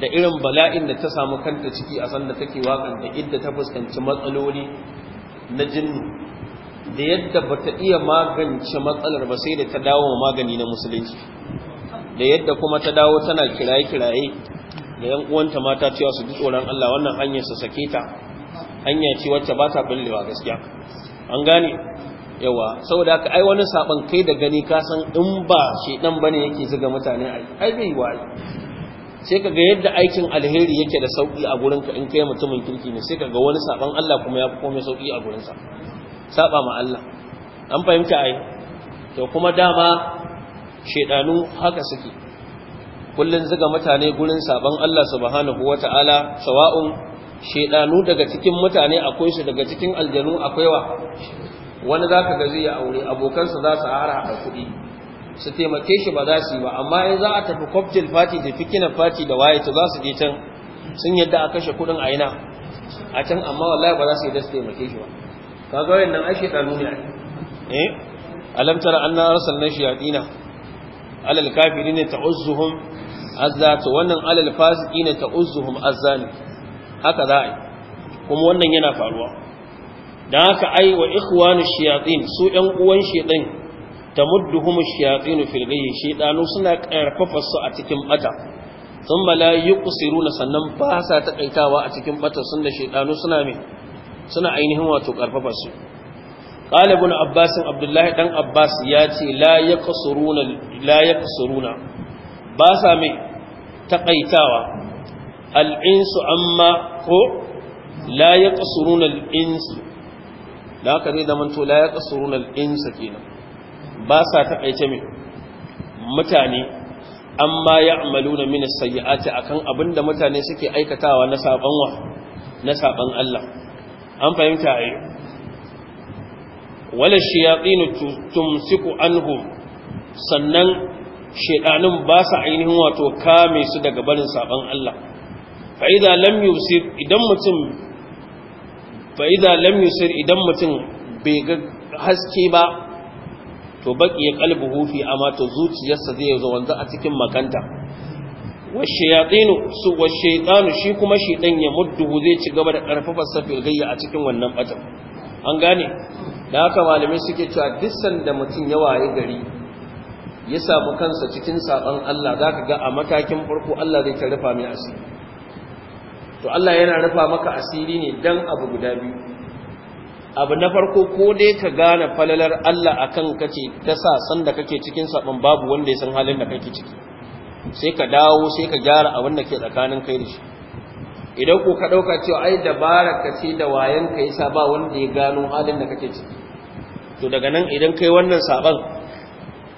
da irin bala'in da ta samu kanta ciki a sanda take waƙan da idda ta fuskanci matsaloli na jinnu da yadda ba ta iya magance matsalar ba sai da ta dawo magani na musulunci da yadda kuma ta dawo tana kiraye-kiraye da yan uwanta mata cewa su ji tsoron Allah wannan hanyar su sake ta hanya ce wacce ba ta bullewa gaskiya an gane yawa saboda haka ai wani saban kai da gani ka san in ba shi dan bane yake zuga mutane ai bai wa sai kaga yadda aikin alheri yake da sauki a gurin ka in kai mutumin kirki ne sai kaga wani saban Allah kuma ya fi komai sauki a gurin sa saba ma Allah an fahimta ai to kuma dama shedanu haka suke kullun zuga mutane gurin saban Allah subhanahu wataala sawa'un shedanu daga cikin mutane akwai shi daga cikin aljanu akwai wa wani za ka gazi ya aure abokansa za su hara a kuɗi su taimake shi ba za su yi ba amma in za a tafi cocktail fati da fikinan fati da waye to za su je can sun yadda a kashe kuɗin a ina a can amma wallahi ba za su yadda su taimake shi ba kaga wayannan ai shedanu ne eh alam tara anna arsalna shayatina alal kafirin ta'uzzuhum azza to wannan alal fasiqina ta'uzzuhum azza ne haka za a yi kuma wannan yana faruwa Da haka ai wa ikhwanu shayatin su ɗan uwan shayatin ta mudduhum shayatin fil ghayyi shaytanu suna karfafa su a cikin bata sun bala yuqsiruna sannan ba sa takaitawa a cikin bata sun da shaytanu suna me suna ainihin wato karfafa su قال ابن عباس عبد الله دان عباس ياتي لا ba sa mai takaitawa al'insu amma ko la ya ƙasurun al'insu da haka zai zamanto la ya kenan ba sa taƙaice mai mutane amma ya amalu na minis sayi'ati a kan abin da mutane suke aikatawa na saɓan Allah an fahimta a yi wala shiyaɗinu tumsiku anhu sannan shaiɗanun ba sa ainihin wato kame su daga barin saɓan Allah fa'iza lam yusir idan mutum bai ga haske ba to baki ya kalbi hufi amma to zuciyarsa zai zo wanzu a cikin makanta tsino su washaytanu shi kuma shi ɗan ya muddu zai ci gaba da karfafa safil gayya a cikin wannan batan an gane da haka malamai suke cewa duk da mutum ya waye gari ya samu kansa cikin saban Allah za ka ga a matakin farko Allah zai ta rufa mai asiri to Allah yana rufa maka asiri ne dan abu guda biyu abu na farko ko dai ka gane falalar Allah akan kace ta sa sanda kake cikin sabon babu wanda ya san halin da kake ciki sai ka dawo sai ka gyara abin da ke tsakanin kai da shi idan ko ka dauka cewa ai dabarar ka ce da wayan ka yasa ba wanda ya gano halin da kake ciki to daga nan idan kai wannan sabon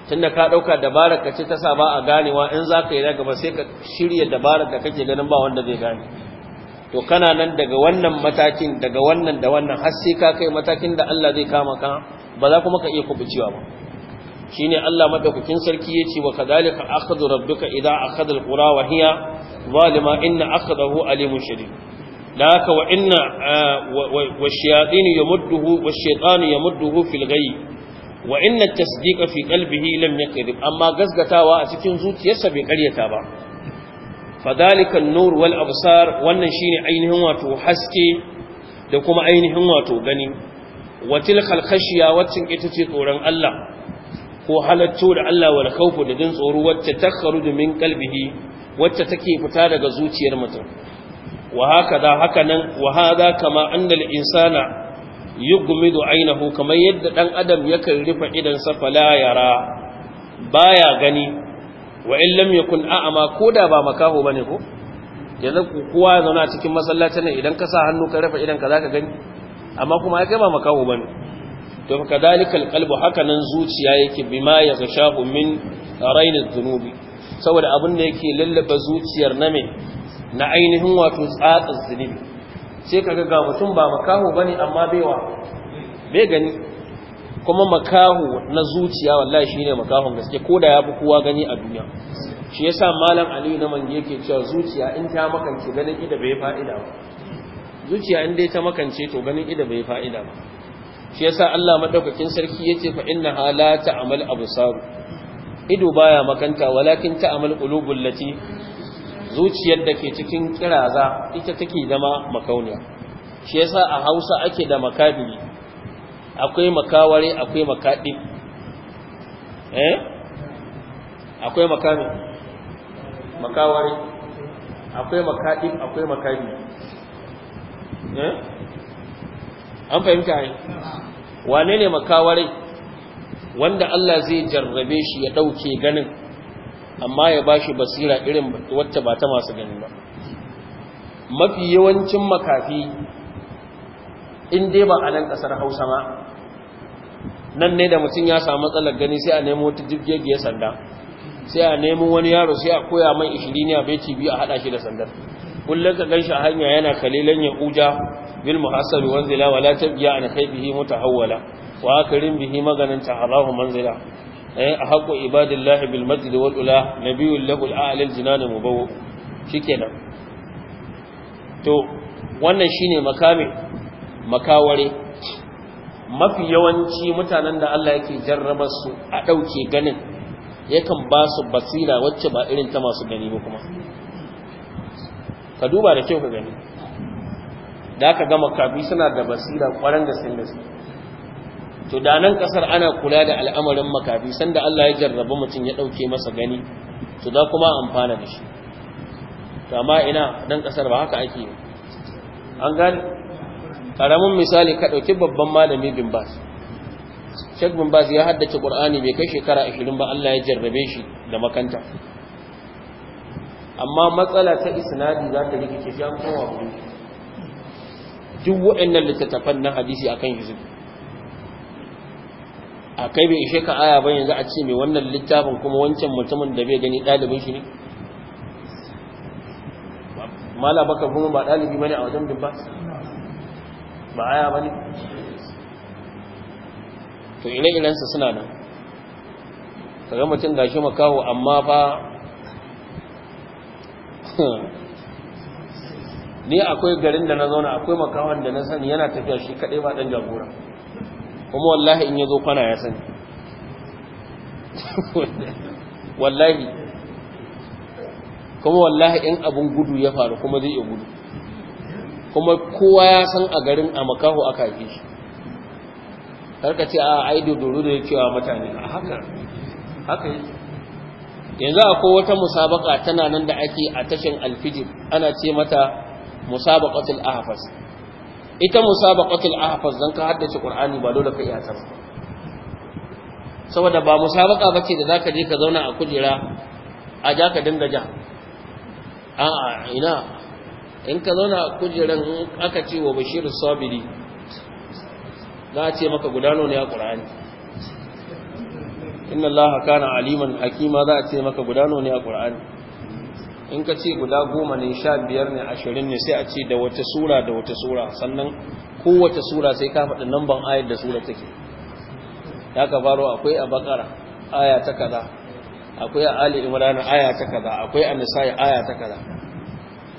tunda ka dauka dabarar ka ce ta sa ba a ganewa in zaka yi na gaba sai ka shirya dabarar da kake ganin ba wanda zai gane to kana nan daga wannan matakin daga wannan da wannan har sai ka kai matakin da Allah zai kama ka ba za kuma ka iya kubucewa ba shine Allah madaukakin sarki yace wa kadhalika akhadhu rabbuka idha akhadha alqura wa hiya zalima inna akhadahu alimun shadid laka wa inna wash-shayatin yamudduhu wash-shaytanu yamudduhu fil ghayb wa inna at-tasdiqa fi qalbihi lam yakdhib amma gasgatawa a cikin zuciyarsa bai karyata ba fadalikan nur wal absar wannan shine ainihin wato haske da kuma ainihin wato gani watil khalkhashiya waccin ita ce tsoron Allah ko halatto da Allah wal khawfu da jin tsoro wacce ta takharuju min qalbihi wacce take fita daga zuciyar mutum wa hakaza hakanan wa hada kama anna al insana yugmidu aynahu kamar yadda dan adam yakan rufe idan sa fala yara baya gani wa in lam yakun a'ama koda ba makaho bane ko yanzu kowa ya zauna cikin masallacin nan idan ka sa hannu ka rafa idan ka zaka gani amma kuma ai kai ba makaho bane to fa kadalika alqalbu hakanan zuciya yake bima yaghshahu min rainid dhunubi saboda abin da yake lallaba zuciyar na me na ainihin wato tsatsa zunubi sai kaga ga mutum ba makaho bane amma baiwa bai gani kuma makaho na zuciya wallahi shine makahon gaske ko da yafi kowa gani a duniya shi yasa malam aliyu na mange yake cewa zuciya in ta makance ganin ida bai fa'ida ba zuciya in dai ta makance to ganin ida bai fa'ida ba shi yasa Allah madaukakin sarki yace fa inna hala ta'mal absar ido baya makanta walakin ta'mal qulubul lati zuciyar da ke cikin kiraza ita take zama makauniya shi yasa a Hausa ake da makabiri akwai makaware akwai makaɗi eh akwai makami makaware akwai makaɗi akwai makami eh an fahimta ne wane ne makaware wanda Allah zai jarrabe shi ya ɗauke ganin amma ya bashi basira irin wacce ba ta masu gani ba mafi yawancin makafi in dai ba a nan ƙasar hausa ma nan ne da mutum ya samu matsalar gani sai a nemo wata ya sanda sai a nemo wani yaro sai a koya mai ishiriniya a ci biyu a haɗa shi da sandar kullum ka gan shi a hanya yana kalilan ya uja bil muhassal wanzila wala tabiya an khaybihi mutahawwala wa rin bihi maganan ta'arahu manzila eh ahqqu ibadillahi bil majdi wal ula nabiyul lahul a'la al jinan ke shikenan to wannan shine makamin makaware mafi yawanci mutanen da Allah yake jarraba su a ɗauke ganin yakan ba su basira wacce ba irin ta masu gani ba kuma ka duba da kyau ka gani da aka gama kafi suna da basira kwaran da sun gaske to da nan kasar ana kula da al'amarin makafi sanda Allah ya jarraba mutum ya ɗauke masa gani to za kuma amfana da shi to amma ina nan kasar ba haka ake an gane karamin misali ka ɗauki babban malami bin bas shek bin bas ya haddace ƙur'ani bai kai shekara ashirin ba allah ya jarrabe shi da makanta amma matsala ta isnadi za ta rikice shi an kowa wuri duk waɗannan littattafan na hadisi a kan hizbi a kai bai ishe ka aya ba yanzu a ce mai wannan littafin kuma wancan mutumin da bai gani ɗalibin shi ne mala baka kuma ba ɗalibi bane a wajen bin bas ba aya ba ne to ina irensa suna nan kaga mutum gashi makawo amma fa [LAUGHS] ni akwai garin da na zauna akwai makawan da na sani yana tafiya shi kaɗai ba ɗan jagora kuma wallahi in ya zo kwana ya sani [LAUGHS] wallahi kuma wallahi in abin gudu ya faru kuma zai iya gudu kuma kowa ya san a garin a makaho aka haife shi karka ce a aido doro da ya cewa mutane a haka haka yanzu akwai wata musabaka tana nan da ake a tashin alfijir ana ce mata musabaqatul Ahafas. ita musabaqatul Ahafas zan ka haddace qur'ani ba dole ka iya saboda ba musabaka ce da za ka je ka zauna a kujera a ja ka dinga ja ina in ka zauna a kujeran aka ce wa bashir sabiri za a ce maka gudano ne a ƙura'ani inna allaha kana aliman hakima za a ce maka gudano ne a ƙura'ani in ka ce guda goma ne sha biyar ne ashirin ne sai a ce da wata sura da wata sura sannan kowace sura sai ka faɗi namban ayar da sura take ya ka faro akwai a bakara aya ta kaza akwai a ali imrana aya ta kaza akwai a nisa'i aya ta kaza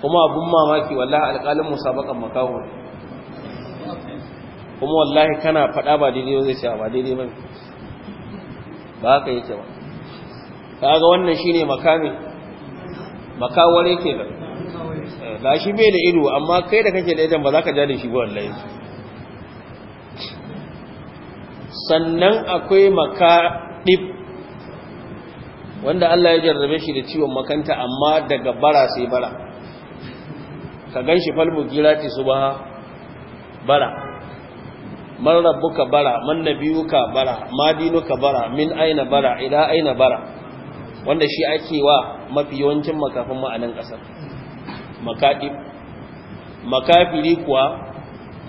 kuma abun mamaki wallahi alƙalin musabakan makaho kuma wallahi kana faɗa ba daidai zai ce ba daidai ba ba haka yake ba kaga wannan shi ne makami makawar yake da eh, ba shi bai da ido amma kai da kake da idan ba za ka ja shi ba wallahi sannan akwai makaɗib wanda Allah ya jarrabe shi da ciwon makanta amma daga bara sai bara ka gan shi falmu girati su ba bara man rabbuka bara man nabiyuka bara ma ka bara min aina bara ila aina bara wanda shi ake wa mafi yawancin makafin ma'anin ƙasar makaɗi makafiri kuwa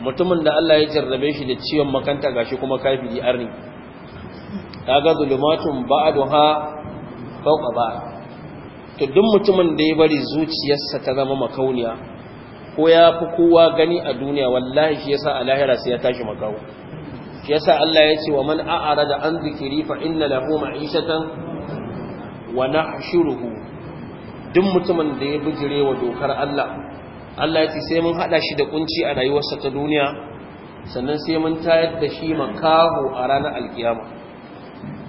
mutumin da Allah ya jarrabe shi da ciwon makanta gashi kuma kafiri arni ga zulumatun ha kauka ba to duk mutumin da ya bari zuciyarsa ta zama makauniya ko ya fi kowa gani a duniya wallahi shi yasa a lahira sai ya tashi makawo shi yasa Allah ya ce wa man a'ara da an zikiri fa inna lahu ma'ishatan wa nahshuruhu duk mutumin da ya bijire wa dokar Allah Allah ya ce sai mun hada shi da kunci a rayuwarsa ta duniya sannan sai mun tayar da shi makaho a ranar alkiyama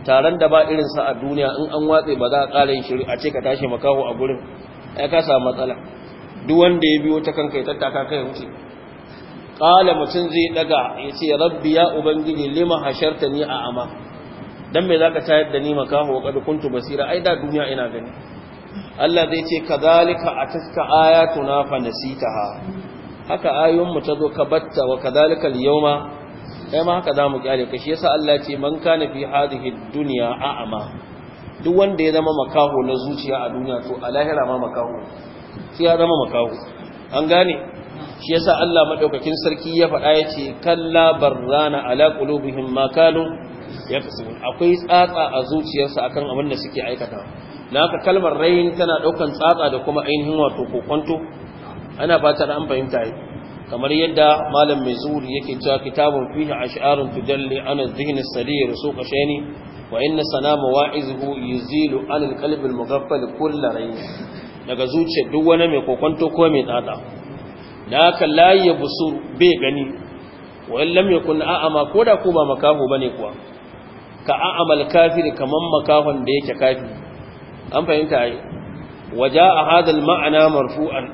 taron da ba irin sa a duniya in an watse ba za a ƙara yin shiru a ce ka tashi makaho a gurin ya ka samu matsala duk wanda ya biyo ta kanka ya tattaka kai ya wuce qala mutun zai daga yace rabbi ya ubangiji lima hashartani a ama dan me zaka tayar da ni makaho kad kuntu basira ai da duniya ina gani Allah zai ce kadhalika atatka ayatuna fa nasitaha haka ayoyin mu tazo ka batta wa kadhalika al-yawma kai ma haka zamu kyale ka shi yasa Allah ce man kana fi hadhihi dunya a'ama duk wanda ya zama makaho na zuciya a duniya to a lahira ma makaho sai ya zama makaho an gane shi yasa Allah madaukakin sarki ya faɗa ya ce kalla barrana ala qulubihim ma akwai tsatsa a zuciyarsa akan abin da suke aikata naka kalmar raini tana daukan tsatsa da kuma ainihin wato kokonto ana fatar an fahimta yi kamar yadda malam mai zuri yake cewa kitabun fihi ash'arun tudalli ana adh-dhihn as-sarir suq wa inna sanama wa'izuhu yuzilu an al-qalb kull daga zuciyar duk wani mai kokonto ko mai tsada da aka layi ya busur bai gani wa'in lam yakun a'ama ko da ko ba makaho bane kuwa ka a'amal kafiri kaman makahun da yake kafi an fahimta ai Waje a hadal ma'ana marfu'an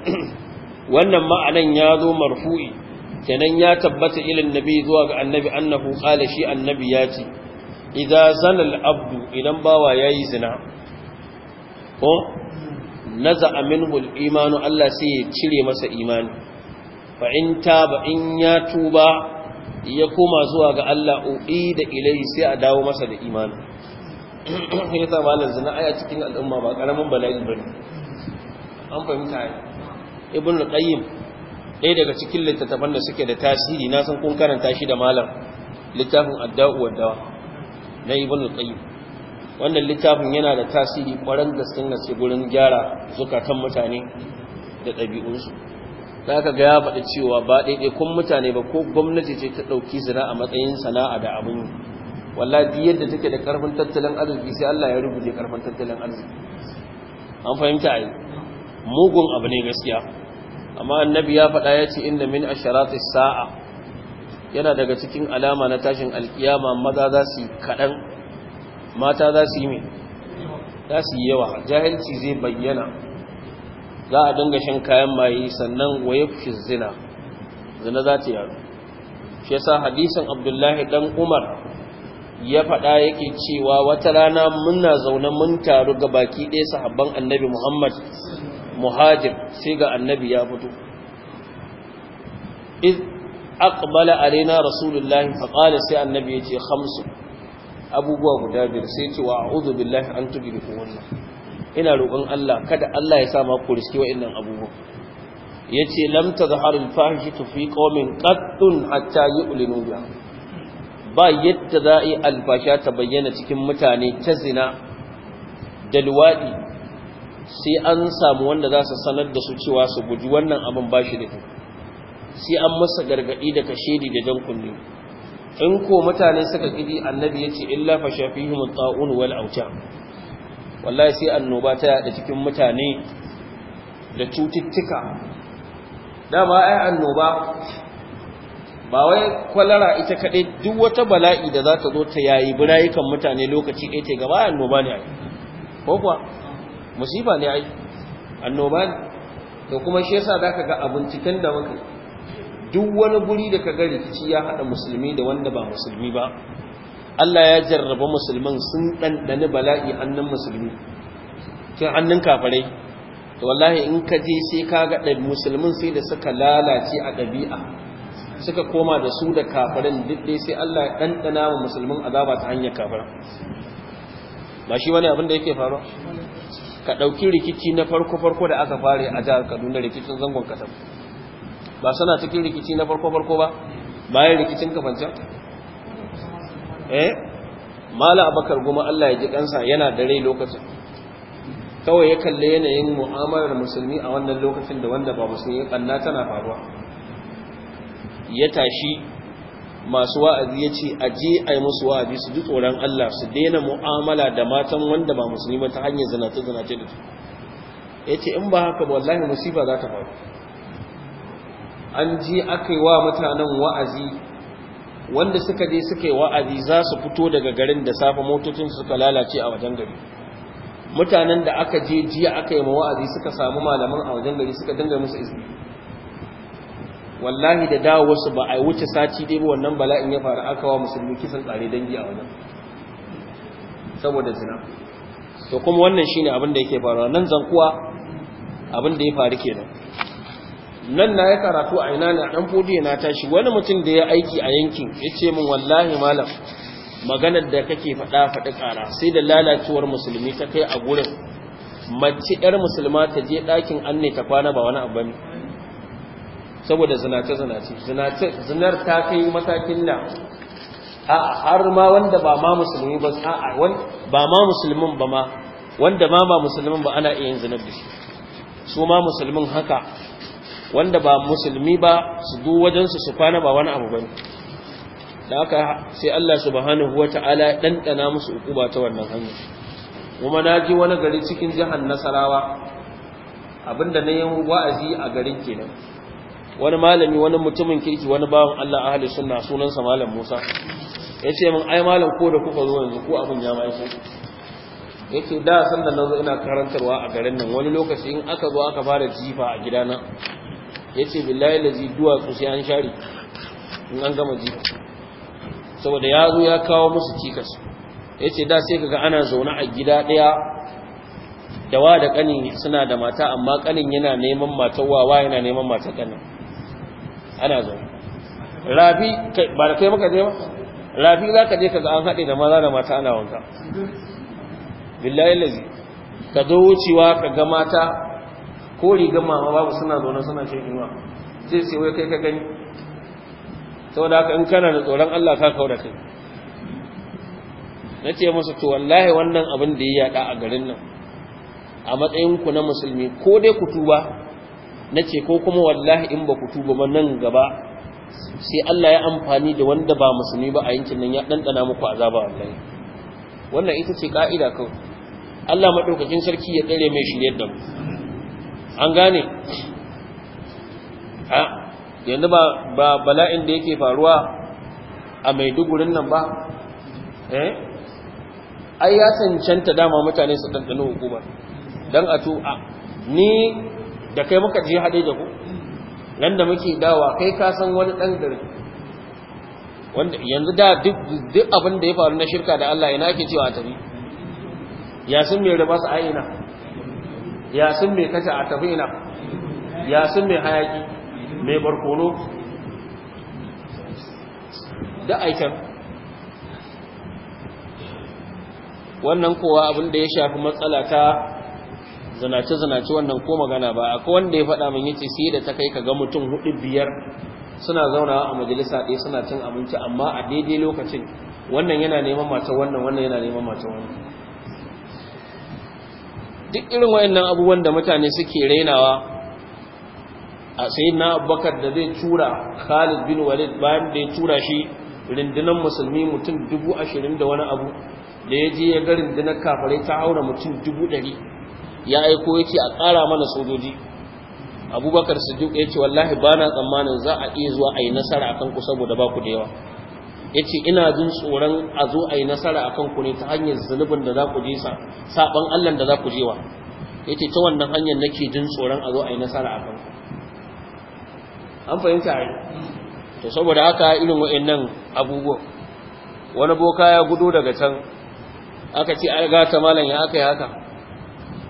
[CLEARS THROAT] wannan ma'anan ya zo marfu'i kenan ya tabbata ilin nabi zuwa ga annabi annahu qala shi annabi ya ce idza abdu idan bawa yayi zina ko naza minhu al-imanu Allah sai ya cire masa imani fa in taba in ya tuba ya koma zuwa ga Allah u'i da ilai sai a dawo masa da imani sai sa malam zina aya cikin al'umma ba karamin bala'i bane an fahimta ai ibn qayyim dai daga cikin littattafan da suke da tasiri na san kun karanta shi da malam littafin adda'u wa dawa na ibn qayyim wannan littafin yana da tasiri ƙwarar suna gaske gurin gyara zukatan mutane da ɗabi'unsu da aka ga ya faɗi cewa ba ɗaiɗaikun mutane ba ko gwamnati ce ta ɗauki zina a matsayin sana'a da abin yi wallahi yadda take da ƙarfin tattalin arziki sai Allah ya rubuce ƙarfin tattalin arziki an fahimta yi mugun abu ne gaskiya amma annabi ya faɗa ya ce inda min asharatis sa'a yana daga cikin alama na tashin alkiyama maza za su yi kaɗan mata za su yi mai za su yi yawa jahilci zai bayyana za a dinga shan kayan maye sannan waye fi zina zina za ta yaro shi yasa hadisin abdullahi dan umar ya faɗa yake cewa wata rana muna zaune mun taru ga baki ɗaya sahabban annabi muhammad muhajir sai ga annabi ya fito iz aqbala alaina rasulullahi faqala sai annabi yace khamsu abubuwa guda biyar sai ce wa a'udhu billahi an tudriku wannan ina roƙon Allah kada Allah ya sa ma ku riske wa'annan abubuwa yace lam tazhar al fahishatu fi qaumin qattun hatta yu'linu biha ba yadda za'i al alfasha ta bayyana cikin mutane ta zina da luwaɗi, sai an samu wanda za su sanar da su cewa su guji wannan abin bashi da sai an masa gargaɗi da shaidi da jan kunne in ko mutane suka kidi annabi yace illa fa shafihim al-ta'un wal auta. wallahi sai annoba ta yada cikin mutane da cututtuka dama ai annoba ba wai kwalara ita kadai duk wata bala'i da za ta zo ta yayi birayukan mutane lokaci ɗaya ce gaba annoba ne ai ko kuwa musiba ne ai annoba ne to kuma shi yasa zaka ga abinciken da muka duk wani guri da ka ga rikici ya haɗa musulmi da wanda ba musulmi ba Allah ya jarraba musulman sun ɗanɗani bala'i annan musulmi tun annan kafirai to wallahi in ka je sai ka ga musulmin sai da suka lalace a ɗabi'a suka koma da su da kafirin duk dai sai Allah ya dandana wa musulmin azaba ta hanyar kafira ba shi wani abin da yake faru ka ɗauki rikici na farko-farko da aka fare a jihar kaduna rikicin zangon kasar ba suna cikin rikici na farko-farko ba bayan rikicin kafancan eh mala abakar goma Allah ya ji kansa yana da rai lokacin kawai ya kalle yanayin mu'amalar musulmi a wannan lokacin da wanda ba musulmi ya kanna tana faruwa ya tashi masu wa'azi ya ce a je a yi musu wa'azi su ji tsoron Allah su daina mu'amala da matan wanda ba musulmi ta hanyar zinace-zinace da su ya ce in ba haka ba wallahi musiba za ta faru an ji aka yi wa mutanen wa'azi wanda suka je suka yi wa'azi za su fito daga garin da safe motocin suka lalace a wajen gari mutanen da aka je jiya aka yi wa'azi suka samu malaman a wajen gari suka dinga musu izini wallahi da dawo wasu ba a yi wuce sati dai wannan bala'in ya faru aka wa musulmi kisan tsare dangi a wajen saboda zina to kuma wannan shine abin da yake faruwa nan zankuwa abin da ya faru kenan nan na ya karatu a ina ne ɗan fudu ya na tashi wani mutum da ya aiki a yankin ya ce min wallahi malam maganar da kake faɗa faɗi ƙara sai da lalacewar musulmi ta kai a gurin mace ƴar musulma ta je ɗakin ne ta kwana ba wani abu ne saboda zinace zinace zinar ta kai matakin da har ma wanda ba ma musulmi ba wani ba ma musulmin ba ma wanda ma ba musulmin ba ana iya yin zinar da shi su ma musulmin haka wanda ba musulmi ba su du wajensu su kwana ba wani abu ba ne. da haka sai Allah subhanahu wa ta'ala ɗanɗana musu hukuma ta wannan hanyar kuma na ji wani gari cikin jihar nasarawa abinda na yi wa'azi a garin kenan wani malami wani mutumin kirki wani bawan Allah ahli sunna sunansa malam Musa ya ce min ai malam ko da kuka zo yanzu ko abin ya mai yake da san da nazo ina karantarwa a garin nan wani lokaci in aka zo aka fara jifa a gidana ya ce billahi duwa duwatsu sai an share in an gama ji saboda ya zo ya kawo musu cikas ya ce da sai kaga ana zaune a gida Da dawa da ƙani suna da mata amma ƙanin yana neman matan wawa yana neman matan ƙanin ana zaune rafi ba da kai maka je ba rafi za ka je ka ga an haɗe da maza da mata ana wanka billahi lazi ka zo wucewa ka ga mata ko rigar mama babu suna zaune suna shan inuwa zai sai wai kai ka gani saboda haka in kana da tsoron Allah ka kawo da kai na ce masa to wallahi wannan abin da ya yada a garin nan a matsayin ku na musulmi ko dai ku tuba na ce ko kuma wallahi in ba ku tuba ba nan gaba sai Allah ya amfani da wanda ba musulmi ba a yankin nan ya ɗanɗana muku azaba wallahi wannan ita ce ka'ida kawai Allah maɗaukakin sarki ya tsare mai shi da mu an gane a yanzu ba bala'in da yake faruwa a maidugurin nan ba eh ai ya cancanta dama mutane su ɗanɗano hukumar don a to a ni da kai muka ji haɗe da ku nan da muke dawa kai ka san wani ɗan gari wanda yanzu da duk abin da ya faru na shirka da Allah ina ake cewa tafi ya sun mai riba su aina Ya sun mai kaca a tafi ina Ya sun mai hayaki mai barkono da aikin wannan kowa abin da ya shafi matsala ta zanace-zanace wannan ko magana ba akwai wanda ya faɗa min yace sai da ta kai ka ga mutum hudu biyar suna zaunawa a majalisa ɗaya suna cin abinci amma a daidai lokacin wannan yana neman mata wannan wannan yana neman mata wannan duk irin waɗannan abubuwan da mutane suke rainawa a na abubakar da zai tura khalid bin walid bayan da ya tura shi rundunar musulmi mutum dubu ashirin da wani abu da ya je ya ga rundunar kafarai ta haura mutum dubu ɗari ya aiko ya a ƙara mana sojoji abubakar su duk ya ce wallahi ba na tsammanin za a iya zuwa a yi nasara a kanku saboda ba ku da yawa yace ina jin tsoron a zo a yi nasara akan ku ne ta hanyar zunubin da za ku je sa saban allon da za ku je wa yace ta wannan hanyar nake jin tsoron a zo a yi nasara akan ku an fahimta yi to saboda haka irin wa'in nan, abubuwa wani boka ya gudu daga can aka ce ai ga ta malam ya aka yi haka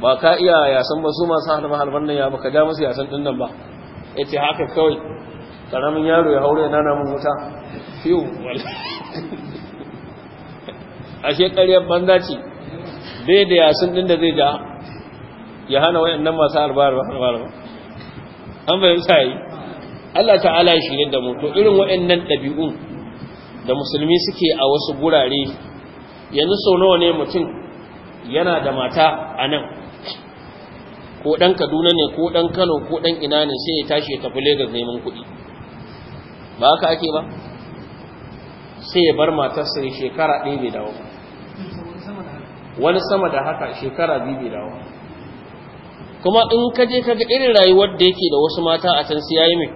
ba ka iya yasan ba su masu harba nan ya ka ja musu yasan din nan ba yace haka kawai karamin yaro ya haure na namun wuta fiyo a ƙaryar banza ce bai da yasin ɗin da zai ja ya hana wayan nan masu albar ba an bayan sayi Allah ta'ala shi ne da mutu irin wayan nan ɗabi'un da musulmi suke a wasu gurare yanzu sau nawa ne mutum yana da mata a nan ko ɗan kaduna ne ko ɗan kano ko ɗan ina ne sai ya tashi ya tafi legas neman kuɗi ba haka ake ba sai ya bar matarsa ya shekara ɗaya bai dawo wani sama da haka shekara biyu bai dawo kuma in ka je ka ga irin rayuwar da yake da wasu mata a can sai yi mai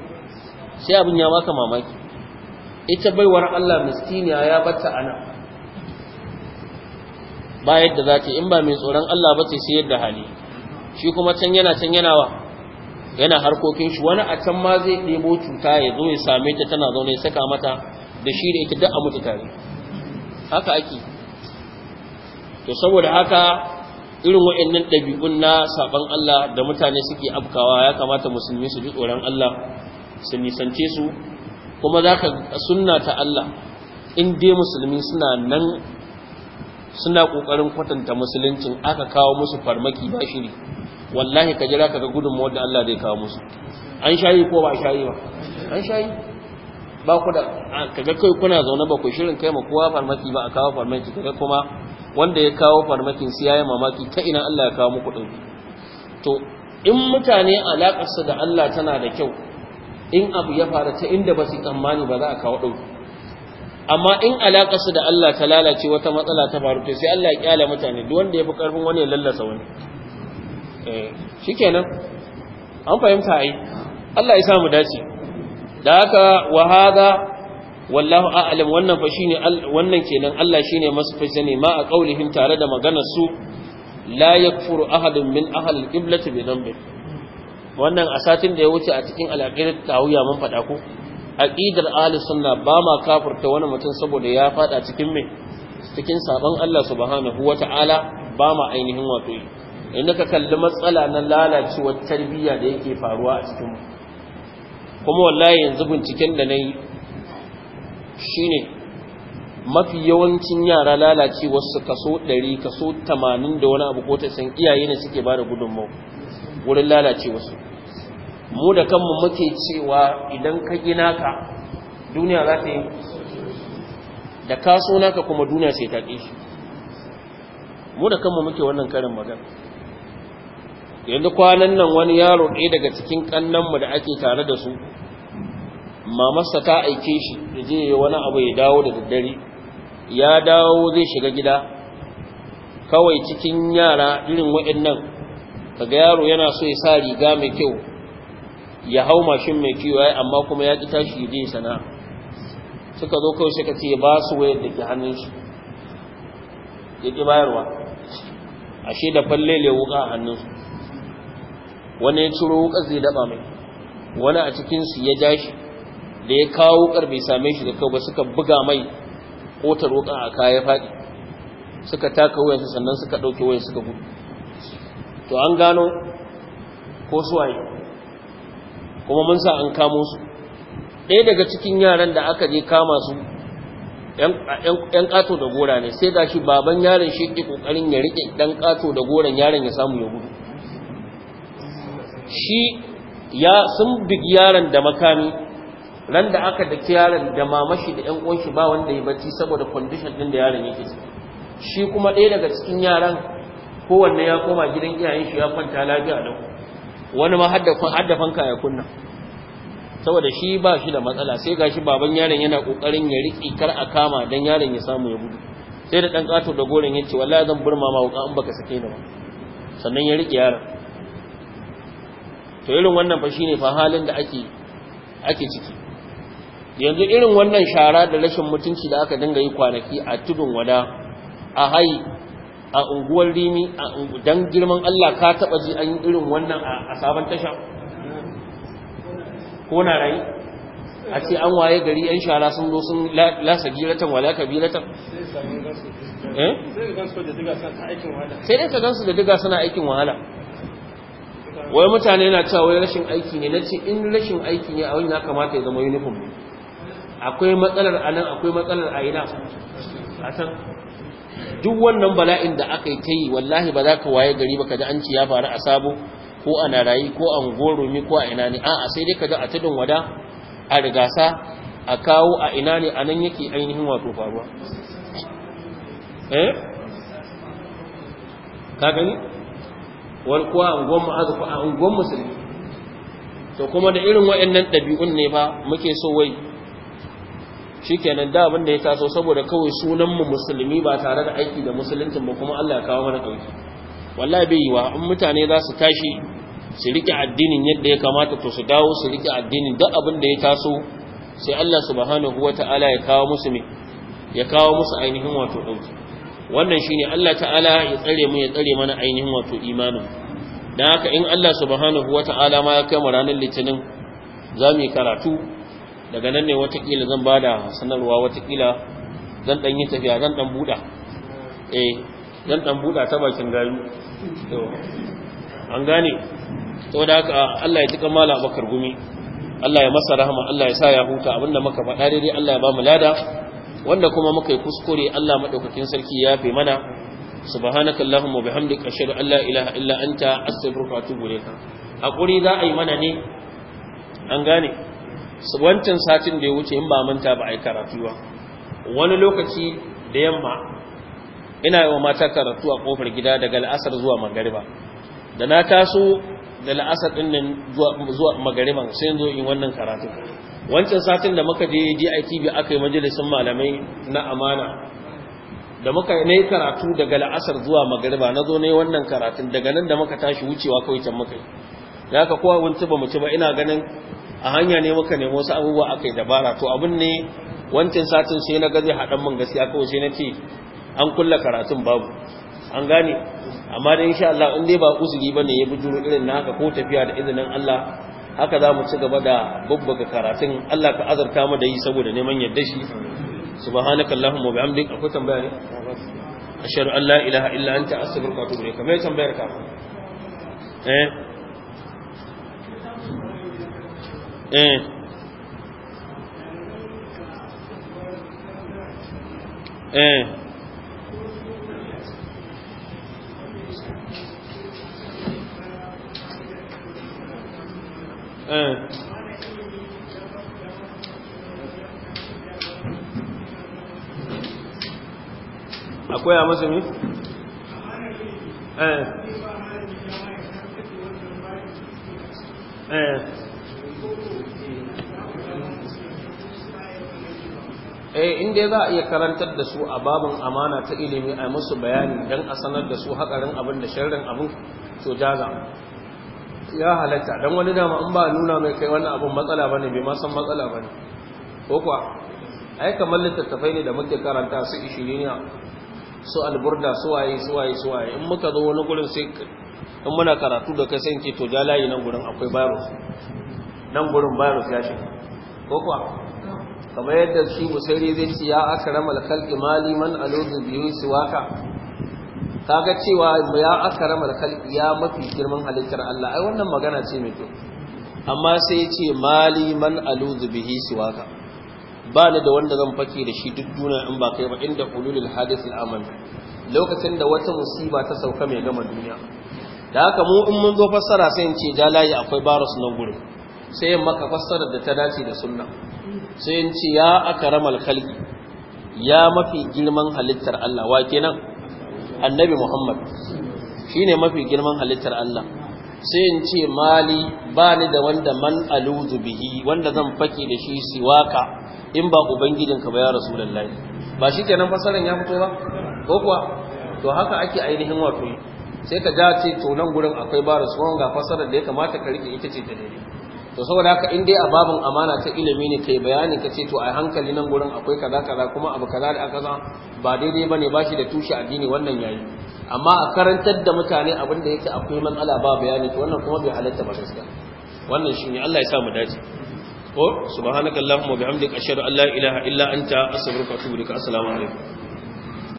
sai abin ya maka mamaki ita baiwar Allah miskiniya ya bata ana ba yadda za ta in ba mai tsoron Allah ba ce sai yadda hali shi kuma can yana can yana wa yana harkokin shi wani a can ma zai ɗebo cuta ya zo ya same ta tana zaune saka mata da shi da ita duk a mutu tare haka ake to saboda haka irin wa'annan ɗabi'un na saban Allah da mutane suke afkawa ya kamata musulmi su ji tsoron Allah su nisance su kuma za ka sunna ta Allah in dai musulmi suna nan suna ƙoƙarin kwatanta musuluncin aka kawo musu farmaki ba shiri wallahi ka jira ka ga gudunmuwar da Allah zai kawo musu an shayi ko ba shayi ba an shayi ba ku da kaga kai kuna zaune ba ku shirin kai ma kowa farmaki ba a kawo farmaki kaga kuma wanda ya kawo farmakin sai yayi mamaki ta ina Allah ya kawo muku din to in mutane alakar su da Allah tana da kyau in abu ya fara ta inda ba su tsammani ba za a kawo dauki amma in alakar su da Allah ta lalace wata matsala ta faru to sai Allah ya kyale mutane duk wanda ya fi karfin wani ya lallasa wani Eh, shi kenan, an fahimta ai Allah ya samu dace da haka wa hada wallahu a'lam wannan fa shine wannan kenan Allah shine ma a qaulihim tare da maganar su la yakfuru ahadun min ahli al-qiblati bi dhanbi wannan a satin da ya wuce a cikin al'aqidat tawiya mun fada ko aqidar ahli sunna ba ma kafirta wani mutum saboda ya fada cikin me cikin sabon Allah subhanahu wata'ala ba ma ainihin wato in ka kalli matsala na lalacewar tarbiyya da yake faruwa a cikin kuma wallahi yanzu binciken da na yi shine mafi yawancin yara lalacewar su kaso 100 kaso 80 da wani abu ko ta san iyaye ne suke bada gudunmawa wurin lalacewar su mu da kanmu muke cewa idan ka gina ka duniya za ta yi da kaso naka kuma duniya sai ta ɗi. mu da kanmu muke wannan karin magana yanzu kwanan nan wani yaro ɗaya daga cikin ƙannanmu da ake tare da su mamarsa ta aike shi da je yi wani abu ya dawo da daddare ya dawo zai shiga gida kawai cikin yara irin waɗannan kaga yaro yana so ya sa riga mai kyau ya hau mashin mai kyau ya amma kuma ya ƙi tashi ya je sana'a suka zo kawai suka ce ba su wayar da ke hannun shi ya ƙi bayarwa ashe da falle lewu a hannunsu wani ya ciro wukar zai daba mai wani a cikinsu ya ja shi da ya kawo wukar bai same shi da kawai ba suka buga mai kotar wukar a kaya faɗi suka taka su sannan suka ɗauke wayar suka gudu to an gano ko suwaye kuma mun sa an kamo su ɗaya daga cikin yaran da aka je kama su ‘yan ƙato da gora ne sai shi baban yaron shi ke ƙoƙarin ya riƙe ɗan ƙato da goran yaron ya samu ya gudu shi ya sun bigi yaron da makami ran da aka daki yaron da mamashi da yan uwanshi ba wanda ya bacci saboda condition din da yaron yake ciki shi kuma ɗaya daga cikin yaran kowanne ya koma gidan iyayen shi ya kwanta lafiya lau wani ma hadda fanka ya kunna saboda shi ba shi da matsala sai gashi baban yaron yana kokarin ya riki kar a kama dan yaron ya samu ya gudu sai da dan kato da goren yace wallahi zan burma ma wuka an baka sake ni ba sannan ya riƙe yaron to irin wannan fa shine fa halin da ake ake ciki yanzu irin wannan shara da rashin mutunci da aka dinga yi kwanaki a tudun wada a hai a unguwar rimi a dan girman Allah ka taba ji an yi irin wannan a sabon tasha ko na rai a ce an waye gari yan shara sun zo sun lasa sagiratan wala kabiratan eh? sai dai ka gansu da diga suna aikin wahala wai mutane na cewa wai rashin aiki ne na ci in rashin aiki ne a wani ya kamata ya zama uniform akwai matsalar a nan akwai matsalar a ina a can duk wannan bala'in da aka yi ta yi wallahi ba za ka waye gari ba ka ji an ci ya faru a sabo ko a narayi ko a gorumi ko a ina ne a'a sai dai ka ji a tudun wada a rigasa a kawo a ina ne a nan yake ainihin wato faruwa eh ka gani wani kuwa a unguwan ma'azu a unguwan musulmi to kuma da irin waɗannan ɗabi'un ne ba muke so wai shi kenan da abin da ya taso saboda kawai sunan sunanmu musulmi ba tare da aiki da musuluntun ba kuma Allah ya kawo mana ɗauki wallahi bai yi wa in mutane za su tashi su riƙe addinin yadda ya kamata to su dawo su riƙe addinin duk abin da ya taso sai Allah subhanahu wata'ala ya kawo musu ya kawo musu ainihin wato ɗauki wannan shi ne Allah ta'ala ya tsare mu ya tsare mana ainihin wato imanin da haka in Allah subhanahu Ta'ala ma ya kai mu ranar litinin Za mu yi karatu daga nan ne watakila zan bada sanarwa watakila zan dan yi tafiya zan dan buda eh zan dan buda ta bakin gari. to an gane to da haka Allah ya tuka mala bakar gumi Allah ya masa rahama Allah ya sa ya huta abinda muka faɗa daidai Allah ya ba mu lada wanda kuma muka yi kuskure Allah madaukakin sarki ya fi mana subhanaka allahumma bihamdika ashhadu an la ilaha illa anta astaghfiruka wa atubu ilayka hakuri za a yi mana ne an gane wancan satin da ya wuce in ba manta ba ai karatu ba wani lokaci da yamma ina yi wa mata karatu a kofar gida daga al'asar zuwa magariba da na taso da la'asar ɗin nan zuwa magariban sai zo in wannan karatu wancan satin da muka je DITB aka yi majalisun malamai na amana da muka ne karatu daga la'asar zuwa magariba nazo zo ne wannan karatun daga nan da muka tashi wucewa kawai can muka yi da aka kowa wunci ba ci ba ina ganin a hanya ne muka nemo wasu abubuwa aka dabara to abin ne wancan satin sai na zai haɗan mun gaskiya kawai sai na ce an kulla karatun babu an gane amma da insha Allah in dai ba uzuri bane ya bujuru irin naka ko tafiya da izinin Allah haka za mu ci gaba da ga karatun Allah ka azarta mu da yi saboda neman yadda shi subhanakallahumma wa bihamdika akwai tambaya ne ashhadu an la ilaha illa anta astaghfiruka wa atubu ilayka kamar tambayar ka eh eh eh akwai eh. a masu ne? eh eh, eh za a iya karantar da su a babin amana ta ilimi a musu bayani don a sanar da su haƙarin abin da sharrin abin to jaza ya halatta don wani dama in ba nuna mai kai wannan abin matsala ba ne bai masan matsala ba ne ko kuwa ai kamar littattafai ne da muke karanta su ishiriniya su alburda su waye su waye su waye in muka zo wani gurin sai in muna karatu da kai sai to ja layi nan gurin akwai virus nan gurin virus ya shi ko kuwa kamar yadda shi musairi zai ci ya aka ramal kalki mali man alozu biyu siwaka kaga cewa ya akrama al kalbi ya mafi girman halittar Allah ai wannan magana ce mai kyau amma sai ya ce mali man aluzu bihi siwaka ba ni da wanda zan fake da shi duk duniya in ba kai ba inda ululul hadith al-aman lokacin da wata musiba ta sauka mai gama duniya da haka mu in mun zo fassara sai in ce jalayi akwai barus nan gurin sai in maka fassarar da ta dace da sunna sai in ce ya akramal khalqi ya mafi girman halittar Allah wa kenan annabi muhammad shi ne mafi girman halittar Allah sai in ce mali ba ni da wanda man aluzu bihi wanda zan fake da shi siwaka in ba ubangijinka ba ya rasulullahi ba shi kenan fasalan ya fito ba ko kuwa to haka ake ainihin wato sai ka ja ce to nan gurin akwai ba rasuwan ga fasarar da ya kamata ka rike ita ce ta daidai to saboda haka in dai a babin amana ta ilimi ne kai bayani ka ce to a hankali nan gurin akwai kaza kaza kuma abu kaza da aka san ba daidai bane ba shi da tushe addini wannan yayi amma a karantar da mutane abin da yake akwai matsala ba bayani to wannan kuma bai halatta ba gaskiya wannan shine Allah ya sa mu dace ko subhanakallahumma bihamdika ashhadu an la ilaha illa anta astaghfiruka wa atubu ilaik assalamu alaikum